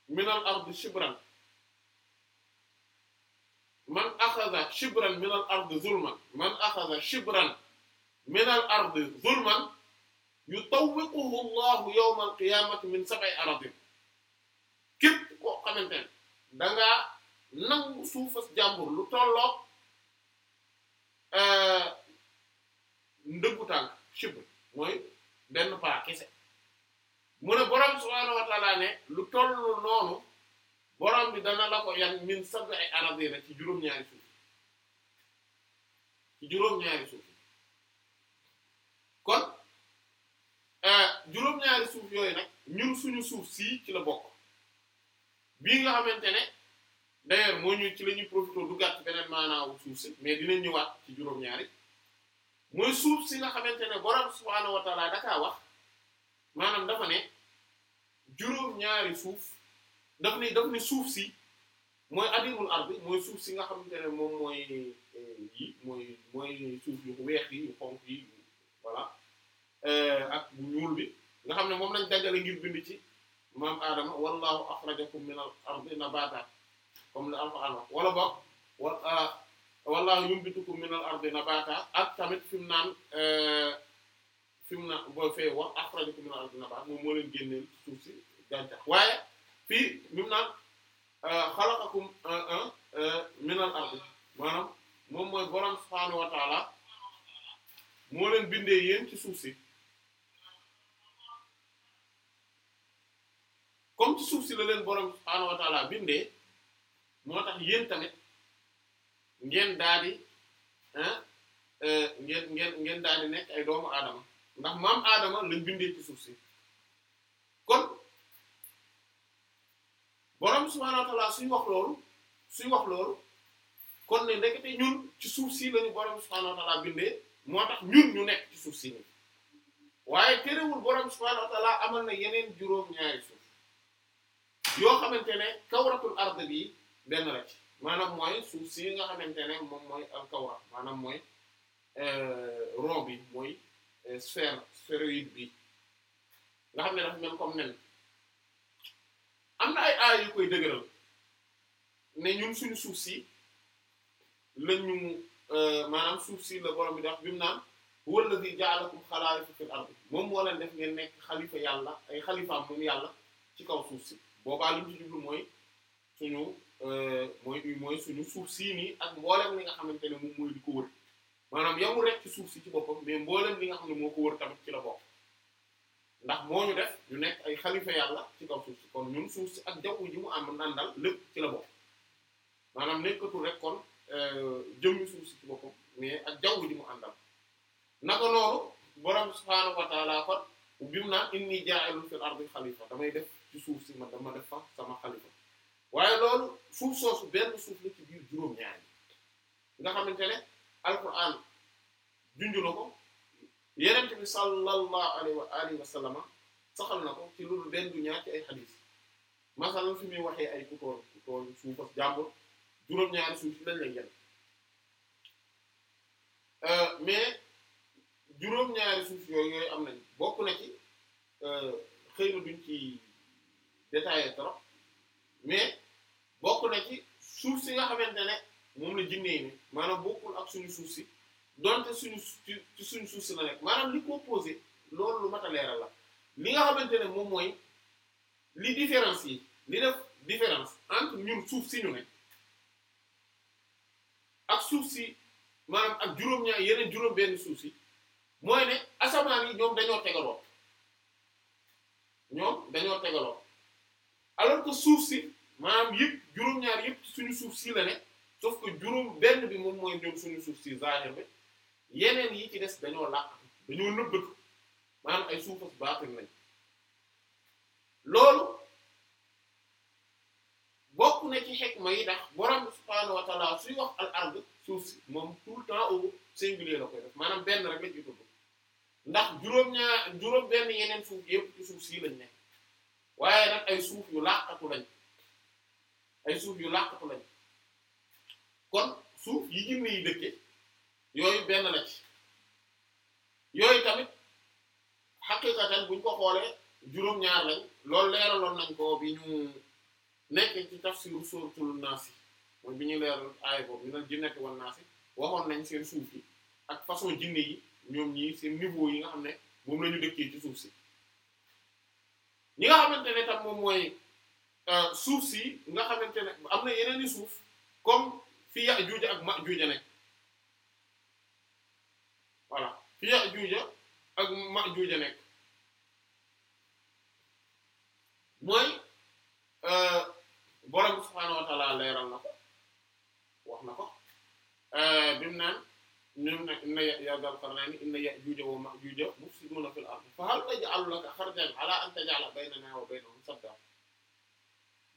min al ard shibran man axada shibran min al ard zulman man axada shibran min al ard zulman yutawwiquhu llahu yawma al qiyamati min sab'i aradin képp koo xamante ne dangaa nangu suufas jàmbur lu tolloo euh, ndëggu tànk shibr mooy benn paa kese mu ne borom subhaanahu wa taala ne lu toll noonu borom bi dana la ko yan min sab'i aradina ci juróom-ñaari ci juróom-ñaari suuf kon eh, juróom suñu suuf sii ci la bokk bii nga xamante ne d'ailleurs moo ñu ci la ñu profité du gàtt beneen maanaawu suuf si mais dinañ ñëwaat ci juróom-ñaari. mooy suuf si nga xamante ne borom subhaanahu wa taala dakaa wax maanaam dafa ne juróom-ñaari suuf daf ne daf suuf si mooy adimul ardi mooy suuf si nga xamante ne moom mooy eh, yi mooy mooy suuf yu weex yi yu xonk yi voilà eh, ak bu ñuul bi nga xam ne moom lañ dajale ngir bind ci maam Adama wallahu akhrajakum min al ardi nabata comme le Alxuraan wax wala boog ah, wallahu yumbitukum minal ardi nabata ak tamit fi mu naan euh, fi mu naan boo fee wax akhrajakum minal ardi nabata moom moo leen génneel suuf si gàncax waaye fii mi mu naan euh, xalaqakum euh, minal ardi maanaam moom mooy borom subhaanahu wa moo leen bindee yéen ci suuf si comme ci suuf si la leen borom subhaanahu wa bindee moo tax yéen tamit. ngeen daa di ah eh, ngeen daa di nekk ay doomu aadama ndax maam aadama lañ bindee ci suuf si kon borom subhaanahu wa ta'aala suy wax loolu suy wax loolu kon ne ndekete ñun ci suuf si lañu borom subhaanahu wa ta'aala bindee moo tax ñun ñu nekk ci suuf si nii waaye terewul borom subhaanahu wa ta'aala amal na yeneen juróom-ñaari suuf yoo xamante ne kawratul ard bi benn la ci. maanaam mooy suuf si nga xamante ne moom mooy alkawra maanaam mooy euh, rond bi mooy euh, sphère sphéroïde bi nga xam ne dafa mel comme nen am na ay aay yu koy dëgëral ne ñun suñu suuf si lañ ñu euh, maanaam suuf si la borom bi di wax bi mu naan huwa alladhi ja'alakum xalaa'ifa fil ardi moom moo leen def ngeen nekk xalifa yàlla ay xalifaam moom yàlla ci kaw suuf si boobaa li ci jublu mooy suñu. mooy mooy suñu suuf sii nii ak mbooleem li nga xamante ne mu mooy di ko wër maanaam yamul rek ci suuf si ci boppam mais mboolem li nga xam ne ko wër tamit ci la bokk moo ñu ñu nekk ay xalifa yàlla ci kaw suuf si suuf ak jaww ji mu am nandal lépp ci la bokk maanaam nekkatul rek kon euh, jëmmi suuf si ci boppam mais ak jaww ji mu àndal naka noonu borom subhaanahu wa taala kon bi mu fil ardi xalifa damay def ci suuf si ma dama def fa sama xalifa waaye loolu suuf soosu benn suuf la ci biir juróom-ñaar nga xamante ne alquran junj na ko yeneen bi sallallahu alayhi wa alihi wa sallama saxal na ko ci loolu benn du ñaar ci ay xadis masalan fi muy waxee ay ku tool ku tool suufas jàmbur juróom-ñaari suuf si lañ euh, juróom-ñaari suuf yooyu yooyu am nañ bokk suñu suuf si donte suñu ci suuf si la nekk maanaam li composé loolu lu mat a leeral la li nga xamante ne moom mooy li différence yi li def différence entre ñun suuf si ñu ne ak suuf si maanaam ak juróom-ñaar yeneen juróom-benn suuf si mooy ne asamaan yi ñoom dañoo tegaloo ñoom dañoo tegaloo alors que suuf si maanaam yëpp juróom-ñaar yëpp suñu suuf si la ne. juróom benn bi moom mooy ñoom suñu suuf si zahir bi yeneen yi ci des dañoo làq dañoo nëbbatu maanaam ay suufas baatin lañ loolu bokk na ci xikma yi ndax borom subhaanahu wa ta'ala suy wax al suuf si moom tout le temps au singulier la koy def maanaam benn rek la ndax juróom benn yeneen suuf yëpp sii lañ nekk waaye nag ay suuf yu làqatu lañ ay suuf yu làqatu lañ. kon suuf yi jinne yi dëkke yooyu benn la ci yooyu tamit xaqiqatan buñ ko xoolee juróom-ñaar lañ loolu leeraloon nañ ko bi ñu nekk ci si suratul naas yi mooy bi ñu leeral aay boobu ñu naan jinnati wan naas yi waxoon nañ seen suuf yi ak façon jinne yi ñoom ñii seen niveau yi nga xam ne moom lañu ñu dëkkee ci suuf si ñi nga xamante ne tam moom mooy euh, suuf si nga xamante ne am na yeneen i suuf comme fi Yaajuuj ak Maajuuj nekk voilà fi Yaajuuj ak Maajuuj nekk mooy euh, borom subhaanahu wa leeral na ko wax na ko euh, bi mu naan ñoom nag inna yaa Dhal Qarnayni inna Ya'juuja wa Ma'juuja mufsiduuna fil ardi fa hal naj'alu laka xarjan alaa an taj'ala baynanaa wa baynahum saddan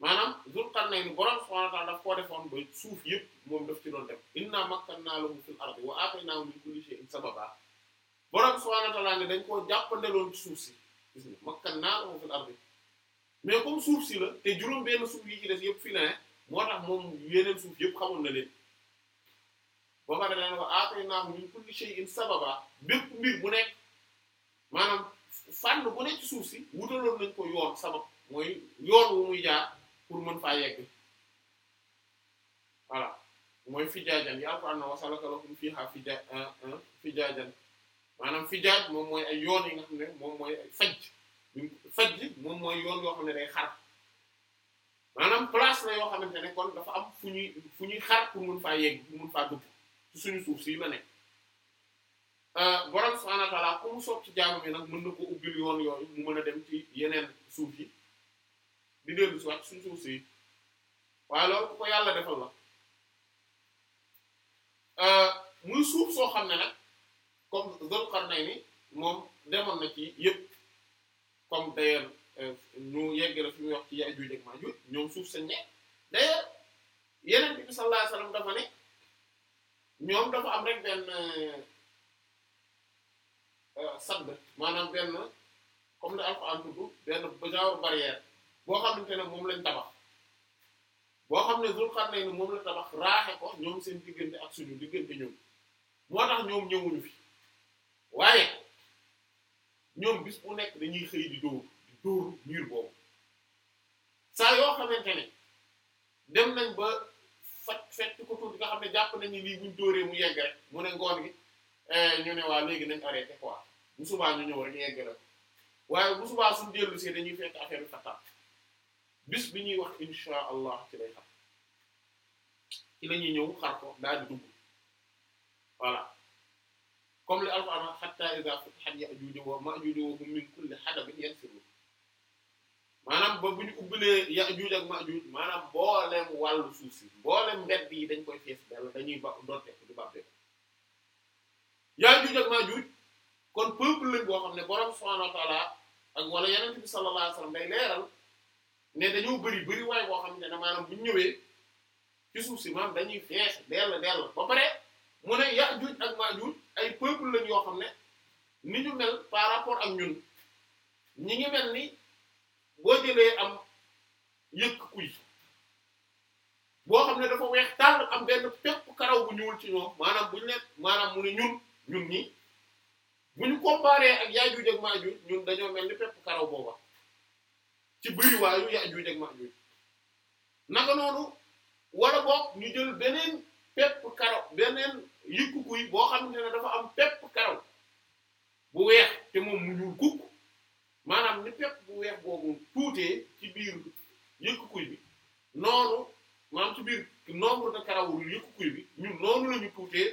maanaam Dul Qarnayni borom subhaanahu wa daf koo defoon ba suuf yëpp moom daf ci doon def inna makkannaa lahu naa ardi wa aataynahu min kulli dañ koo jàppandeloon ci suuf si gis nga makkannaa mais comme suuf si la te juróom benn suuf yi ci des yëpp fi la moo tax moom yeneen suuf yëpp xamoon na leen ba pare daan wa aataynahu min kulli shay'in mbir bu nekk maanaam fànn bu nekk suuf si wutaloon nañ ko yoon sabab mooy yoon wu muy jaar. pour mën faa yegg voilà mooy fijaajan yaa ko am na wasalaka lakum fiha fija fijaajan maanaam fijaaj moom mooy ay yoon yi nga xam ne moom mooy ay fajj moom mooy yoon yoo xam ne day xar maanaam place la yoo xamante ne kon dafa am fu ñuy fu ñuy xar pour mën faa yegg pour mën faa dugg ci suñu suuf si la nekk euh, borom subhanahu wa ta'ala ku mu soob ci jaamu bi nag mën na ko ubbil yoon yooyu mu mën a dem ci yeneen suuf yi di dellu si waat suñ suuf si waaye loolu ko yàlla defal la euh, muy suuf soo xam ne nag comme Zul Qarnayni moom demoon na ci yëpp comme d'ailleurs euh, ñu yegg la fi muy wax ci Yaajuuj ak Maajuuj ñoom suuf sañ ne d'ailleurs Yonent bi sallallahu alayhi wasallam dafa ne ñoom dafa am rek benn euh, sadd maanaam benn comme ne Alxuraan tudd benn genre barrière boo xam ne moom lañ tabax boo xam ne Zul Qarnayni moom la tabax raaxe ko ñoom seen diggante ak suñu diggante ñoom moo tax ñoom ñëwuñu fi waaye ñoom bis mu nekk dañuy xëy di dóor di dóor miir boobu saa yoo xamante ne dem nañ ba faj fekk ko tuuti nga xam ne jàpp nañu lii buñ dóoree mu yegg rek mu ne ngoon gi eh, ñu ne waa léegi nañ arrêté quoi bu subaa ñu ñëw rek yegg la waaye bu subaa suñ dellu see dañuy fekk affaire bi bis bi ñuy wax insha allah ci lay xam ci la ñuy ñëw xar ko daal di dugg voilà comme li alquran hatta iza futihat ya'juj wa ma'juj wa hum min kulli hadabin yansirun maanaam ba bu ñu ubbilee ya'juj ak ma'juj maanaam mboolem wàllu suuf si mboolem yi dañ koy fees dell dañuy ba doonte di bàbbee ya'juj ak ma'juj kon peuple lañ boo xam ne borom subhanahu wa ak wala yeneen bi sallallahu alayhi day leeral. ne dañoo bari bari waaye boo xam ne maanaam bu ñu ñëwee ci suuf si maanaam dañuy fees dell dell ba pare mu ne Yaajuuj ak Maajuuj ay peuple lañ yoo xam ne ni ñu mel par rapport ak ñun ñi ngi mel ni boo jëlee am yëkk kuy boo xam ne dafa weex tàll am benn pepp karaw bu ñuul ci ñoom maanaam bu ñu nekk maanaam mu ne ñun ñun ñi bu ñu comparé ak Yaajuuj ak Maajuuj ñun dañoo mel ni pepp karaw booba ci bëriwaayu Yaajuuj ak Maajuuj naka noonu wala boog ñu jël beneen pepp karaw beneen yëkku kuy boo xam ne dafa am pepp karaw bu weex te moom mu ñuul kukk maanaam ni pepp bu weex boobu tuutee ci biir yëkku kuy bi noonu maanaam ci biir nombre de karawul yëkku bi ñun noonu la ñu tuutee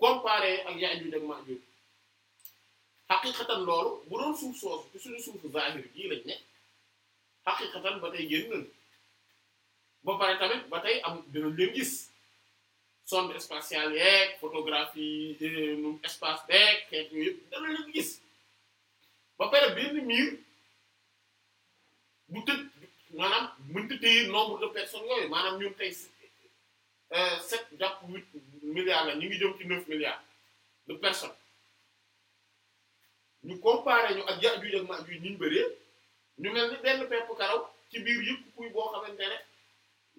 comparé ak Yaajuuj ak Maajuuj xaqiqatan loolu bu doon suuf soosu ci suñu suufu zaahir gii lañ nekk xaqiqatan ba tey génn nañ ba pare tamit ba tey am dina leen gis sonde spatiale yeeg photographie eh, num espace beeg yooyu yëpp dana leen gis ba pare benn miir bu tëj maanaam mënta téye nombre de personnes yooyu maanaam ñun tey eh, sept jàpp huit la ñu ngi jëm ci neuf milliards de personnes ñu comparé ñu ak Yaajuuj ak Maajuuj ñu bëree ñu mel ni benn pepp karaw ci biir yëpp kuy boo xamante ne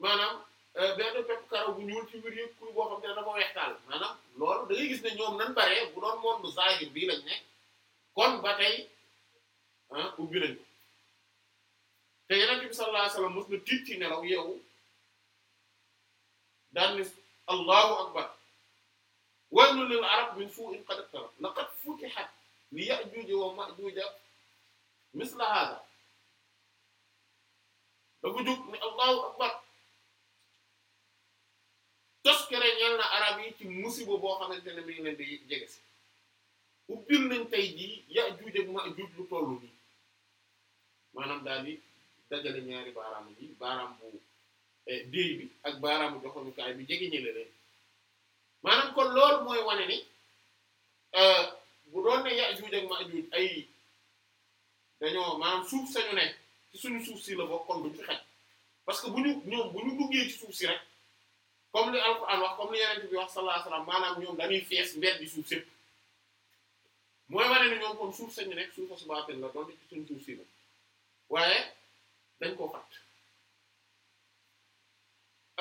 maanaam euh, benn pepp karaw bu ñuul ci biir yëpp kuy boo xamante dafa weextaal maanaam loolu da gis ne ñoom nan baree bu doon moom lu zahir bii lañ ne kon ba tey ah ubbi te yeneen bi sallallahu alayhi wasallam mos na tiit ci nelaw yeewu daan ni allahu akbar waylun lil arab min su'in qad iqtarab laqad futihat li ya'juj wa ma'juj misla hadha dafa jóg ni allahu akbar tos kere na arab yi ci musiba boo xamante ne bi ngi leen di jege si ubbil nañ tey jii Yaajuuj ak Maajuuj lu tollu nii maanaam daal di dajale ñaari baaraam yi baaraam bu eh, déy bi ak baaraamu joxoñukaay bi jege ñële leen maanaam kon lool mooy wane ni eh, bu doon ne Yaajuuj ak Maajuuj ay dañoo maanaam suuf sañu ne ci suñu suuf si la bokk kon duñ fi xaj parce que bu ñu ñoom bu ñu duggee ci suuf si rek comme li alquran wax comme li yeneen bi maanaam ñoom dañuy fees mbedd di suuf sépp mooy wane ne ñoom kon suuf sañu nekk la doon ci suñu suuf si la waaye dañ koo fàtt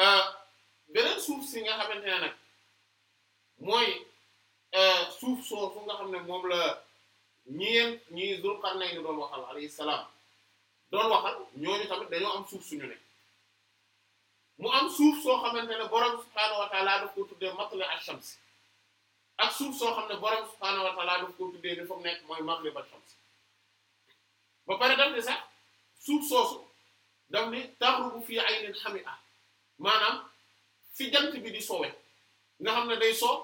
euh, beneen suuf si nga xamante ne nag mooy euh, suuf soofu nga xam ne moom la ñeen ñi Zulqarnayn doon waxal alayhi salaam doon waxal ñooñu tamit dañoo am suuf suñu ne mu am suuf soo xamante ne borom subhaanahu wa daf ko tuddee matla ash ak suuf soo xam ne borom subhaanahu wa daf ko tuddee dafa nekk mooy maghrib ash-shams ba pare daf ne sax suuf soosu daf ne taghrubu fi aynin hamia maanaam fi jant bi di soowee nga xam ne day soo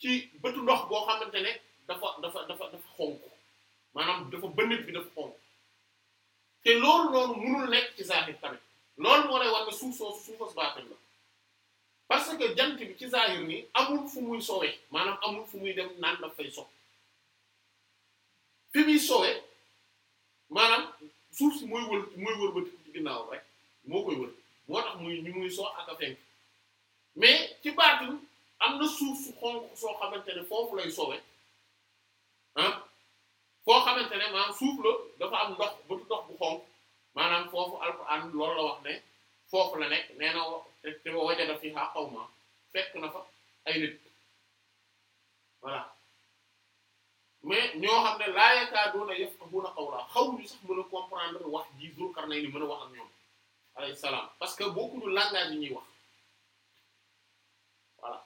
ci bëtu ndox boo xamante ne dafa dafa dafa dafa xonk maanaam dafa bënnit bi dafa xonk te loolu noonu mënul nekk ci zahir tamit loolu moo lay war ne suuf soosu suufas baatin la parce que jant bi ci zahir nii amul fu muy soowee maanaam amul fu muy dem naan daf fay so fi muy maanaam suuf si mooy wër mooy wër ba ci rek moo koy wër moo tax muy ñu muy soo ak a fenk mais ci baatin am na suuf soo xamante ne foofu lay soowee ah. foo xamante ne maanaam suuf la dafa am ndox maanaam foofu alquran loolu la wax ne foofu la nekk nee na te wajada fiha qawma fekk na fa ay nit voilà mais ñoo xam ne laa yakaaduna yafqahuna qawla xaw ñu sax mën a comprendre wax ji Zulkarnayni mën a wax ak ñoom alayhi parce que bokkuñu langage yi ñuy wax voilà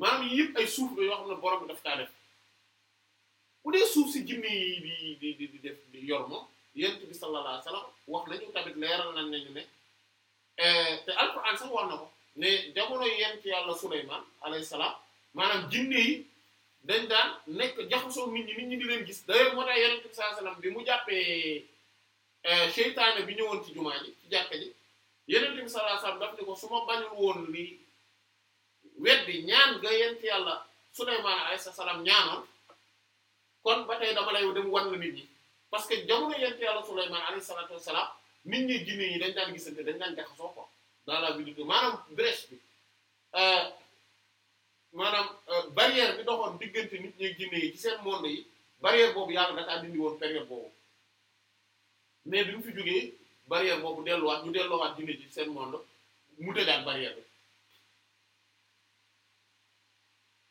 maanaam yii yëpp ay suuf la yoo xam ne borom daf kaa def bu dee suuf si jinne yi di di di di def di yent bi sallallahu alayhi wasallam wax nañu tamit leeral nañ nañu ne eh, te alquran sax wax na ko ne jamono yent yàlla Sulaymaan alayhi salaam maanaam jinne dañ daan nekk jaxasoo nit ñi nit di gis d'ailleurs moo tax yonent bi sallallahu jàppee eh, seytaane bi ñëwoon ci jumaa ji ci jàkka ji yonent bi sallallahu alayhi wasallam ko su ma bañul woon lii weddi ñaan nga yent yàlla Sulaymaan alayhi salaam ñaanoon kon ba tey dama lay dem wan la nit ñi parce que jamono yent yàlla Sulaymaan alayhi salaatu wassalaam nit ñi jinne yi dañ daan gisante dañ daan jaxasoo ko dans la vie maanaam brèche bi euh, maanaam euh, barrière bi doxoon diggante nit ñi jinne yi ci seen monde yi barrière boobu yàlla da kaa dindi woon période boobu mais bi mu fi jógee barrière boobu delluwaat ñu delluwaat jinne ci seen monde mu tëjaat barrière bi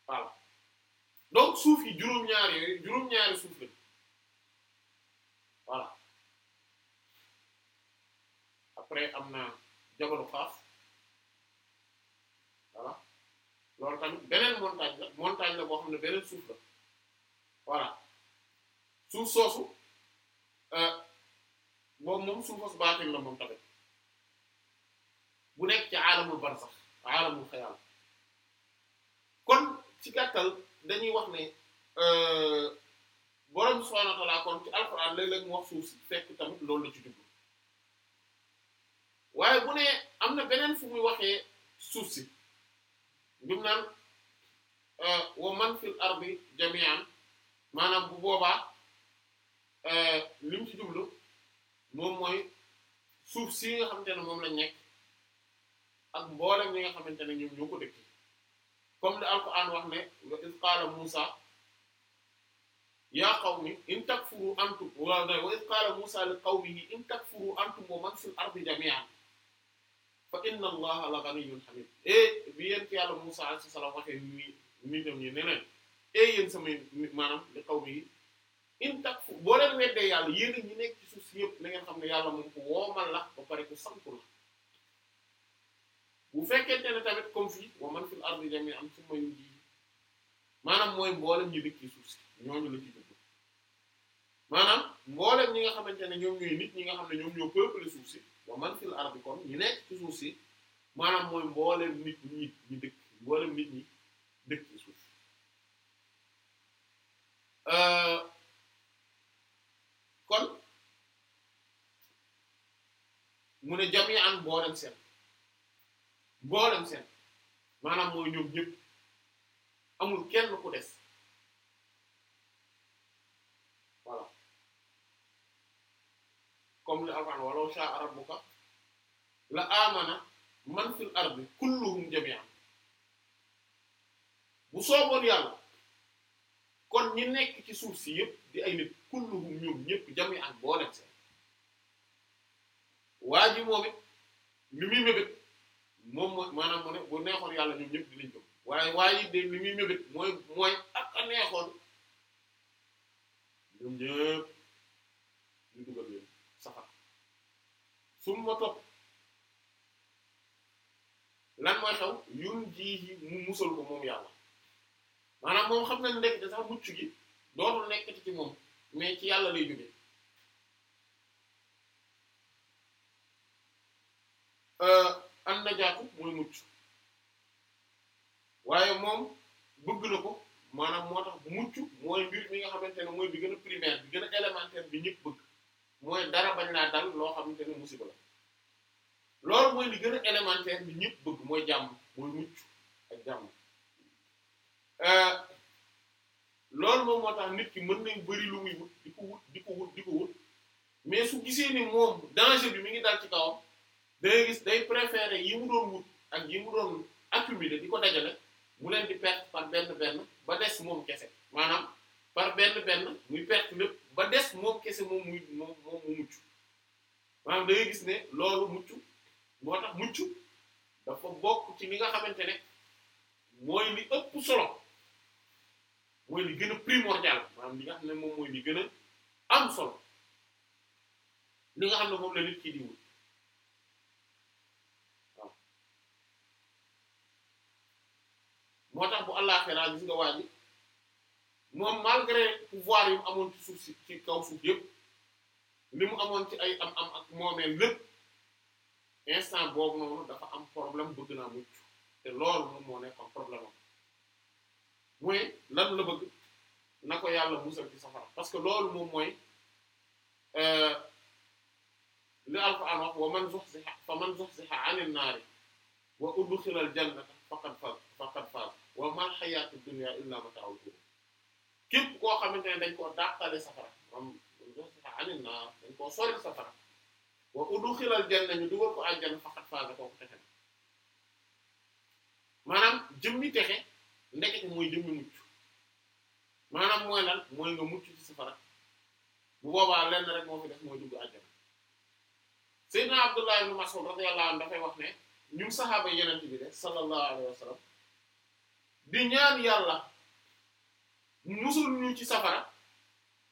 voilà donc suuf yi juróom-ñaar yooyu juróom-ñaari suuf lañ après am na jabalu xaaf voilà loolu tamit beneen montagne la montagne la boo xam ne beneen suuf la voilà suuf soosu boobu euh, moom suufas baatin la moom tamit bu nekk ci aalamul barzax aalamul xayaal kon ci gàttal dañuy wax ne euh, borom subhaanahu wa ta'aala kon ci alxuraan léeg-léeg mu wax suuf si fekk tamit loolu la ci dugg waaye bu ne am na beneen fu muy waxee suuf si bi mu naan euh, man fil ardi jami'an maanaam bu boobaa euh, li mu ci jublu moom mooy suuf si nga xamante ne moom lañ nekk ak mboolem li nga xamante ne ñoom ñoo ko dëkk comme le alquran wax ne wa iz qaala Musa yaa qawmi in takfuru antum wa iz qaala Musa li qawmihi in an antum wa man fil ardi jami'an fa inna allaha la ganiyyun hamid e bi yéen fi yàlla Musa alayhi salaam waxee nii nii ñoom ñi ne leen e eh, yéen samay maanaam li xaw mi in boo leen weddee yàlla yéen ñi nekk ci suuf si yëpp na xam ne yàlla moom ko woomal la ba pare ko sanku la bu fekkente ne tamit comme fii wa man fil ardi jami'an thumma yunji maanaam mooy mboolem ñi dëkk ci suuf si ñooñu la ci maanaam mboolem ñi nga xamante ne ñoom ñooy ñi nga xam ne ñoom ñoo peuple suuf si wa man fil ardi kon ñu nekk ci suuf si maanaam mooy mbooleem nit ñi ñu dëkk mbooleem nit ñi dëkk suuf euh, kon mu ne jam yi am mboolem seen mboolem seen maanaam mooy ñoom ñëpp amul kenn ku des comme li alquran walaw sha'a rabbuka la amana man fil ardi kulluhum jami'an bu sooboon yàlla kon ñi nekk ci suuf si yëpp di ay nit kulluhum ñoom ñëpp jami'an boo leen seen waa ji moom it li muy mébét moom mooy maanaam mu ne bu neexoon yàlla ñoom ñëpp ñu dugal summa topp lan mooy xew yun mu musal ko moom yàlla maanaam moom xam na ndek de sax mucc gi dootul nekkati ci moom mais ci yàlla lay jóge am na jàpp mooy mucc waaye moom bëgg na ko maanaam moo tax mucc mooy mbir mi nga xamante ne mooy bi gën a primaire bi gën a élémentaire bi ñëpp bëgg mooy dara bañ naa dal loo xamante ne musiba la loolu mooy li gën a élémentaire bi ñëpp bëgg mooy jàmm mooy mucc ak jàmm euh, loolu moom moo tax nit ki mën nañ bëri lu muy wut di ko wut di ko wut di ko wut mais su gisee ni moom danger bi mi ngi dal ci kawam day gis day préférer yi mu doon wut ak yi mu doon accumuler di ko dajale mu leen di perte par benn benn ba des moom kese maanaam par benn benn muy perte lépp ba des moom kese moom mu mucc maanaam da gis ne loolu mucc moo tax mucc dafa bokk ci li nga xamante ne mooy li ëpp solo mooy li gën a primordial maanaam li nga xam ne moom mooy li gën a am solo li nga xam ne moom la nit ki di moo tax bu àllaaxira gis nga waa moom malgré pouvoir yi mu amoon ci suuf si ci kaw suuf yëpp li mu amoon ci ay am am ak moomeel lépp instant boobu noonu dafa am problème bëgg naa mucc te loolu moom moo nekkoon problème am mooy lan la bëgg na ko yàlla musal ci safara parce que loolu moom mooy euh, li alquran wax wa man zuhziha fa man zuhziha naari wa udxila jannata faqad faz faqad faz wa mal xayaatu dunya illa mataaul képp koo xamante ne dañ koo dàqale safara am anin na dañ koo soril safara wa udxilal janna ñu dugal ko aljanna faqat faaza kooku texe na maanaam jëmmi texe ndeket mooy jëmmi mucc maanaam mooy lan mooy nga mucc ci safara bu boobaa lenn rek moo fi def mooy dugg aljanna Seydina Abdullah ibn Mas'ud radiyallahu anhu dafay wax ne ñun saxaaba yeneen bi de sallallahu alayhi wa sallam ñaan yàlla musul ñu ci safara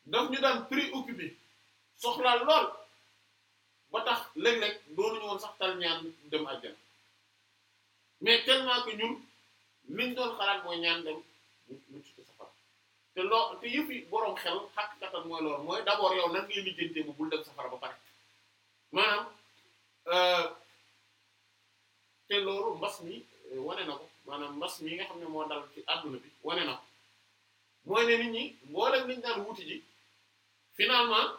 daf ñu daan préoccupé soxla lool ba tax léeg-léeg doonuñu woon sax tal ñaan dem àjjana mais tellement que ñun liñ doon xalaat mooy ñaan dem mucc ci safara te mooy loolu mooy d'abord yow nan ngay lijjantee bu bul dem safara ba pare maanaam euh, te loolu mbas mi euh, wane na ko maanaam mbas mi nga xam ne moo dal ci àdduna bi wane na ko mooy ne nit ñi mboolem liñ naan wuti ji finalement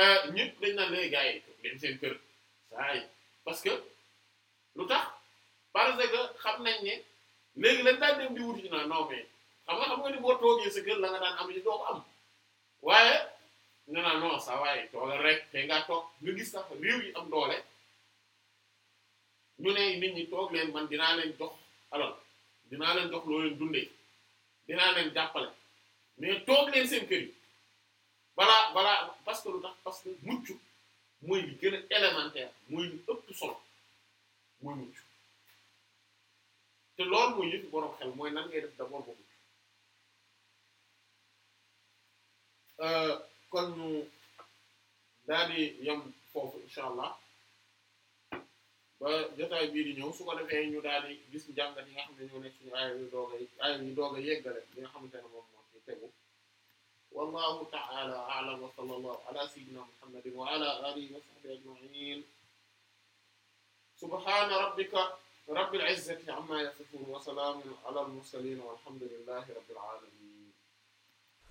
euh, ñëpp dañ naan ne gars yi dem seen kër saa parce que lu tax parce que xam nañ ne léegi lañ daan dem di wuti ji na non mais xam nga xam nga ni boo toogee sa kër la nga daan am yi doo am waaye nee naa saa waaye toogal rek te ngaa toog nga gis sax réew yi am doole ñu ne nit ñi toog leen man dinaa leen jox alors dinaa leen jox loo leen dundee. dinaa leen jàppale mais toog leen seen kër yi balaa balaa parce que lu tax parce que mucc mooy li gën a élémentaire mooy ëpp solo mooy mucc te loolu mooy yëpp borom xel mooy nan ngay def d'abord ba mucc euh, kon ñu daal di foofu incha ba jotaay bii di ñëw su ko defee ñu daal di gis njàngat yi nga xam ne ñoo nekk suñu aaya yu doog a aaya yu doog a yeggale li nga xamante ne moom moo ci tegu wallahu ta'ala a'lam wa sallallahu ala sayyidina muhammadin wa ala alihi wa sahbihi ajma'in subhana rabbika rabbil izzati amma yasifun wa salamun ala al mursalin walhamdulillahi rabbil alamin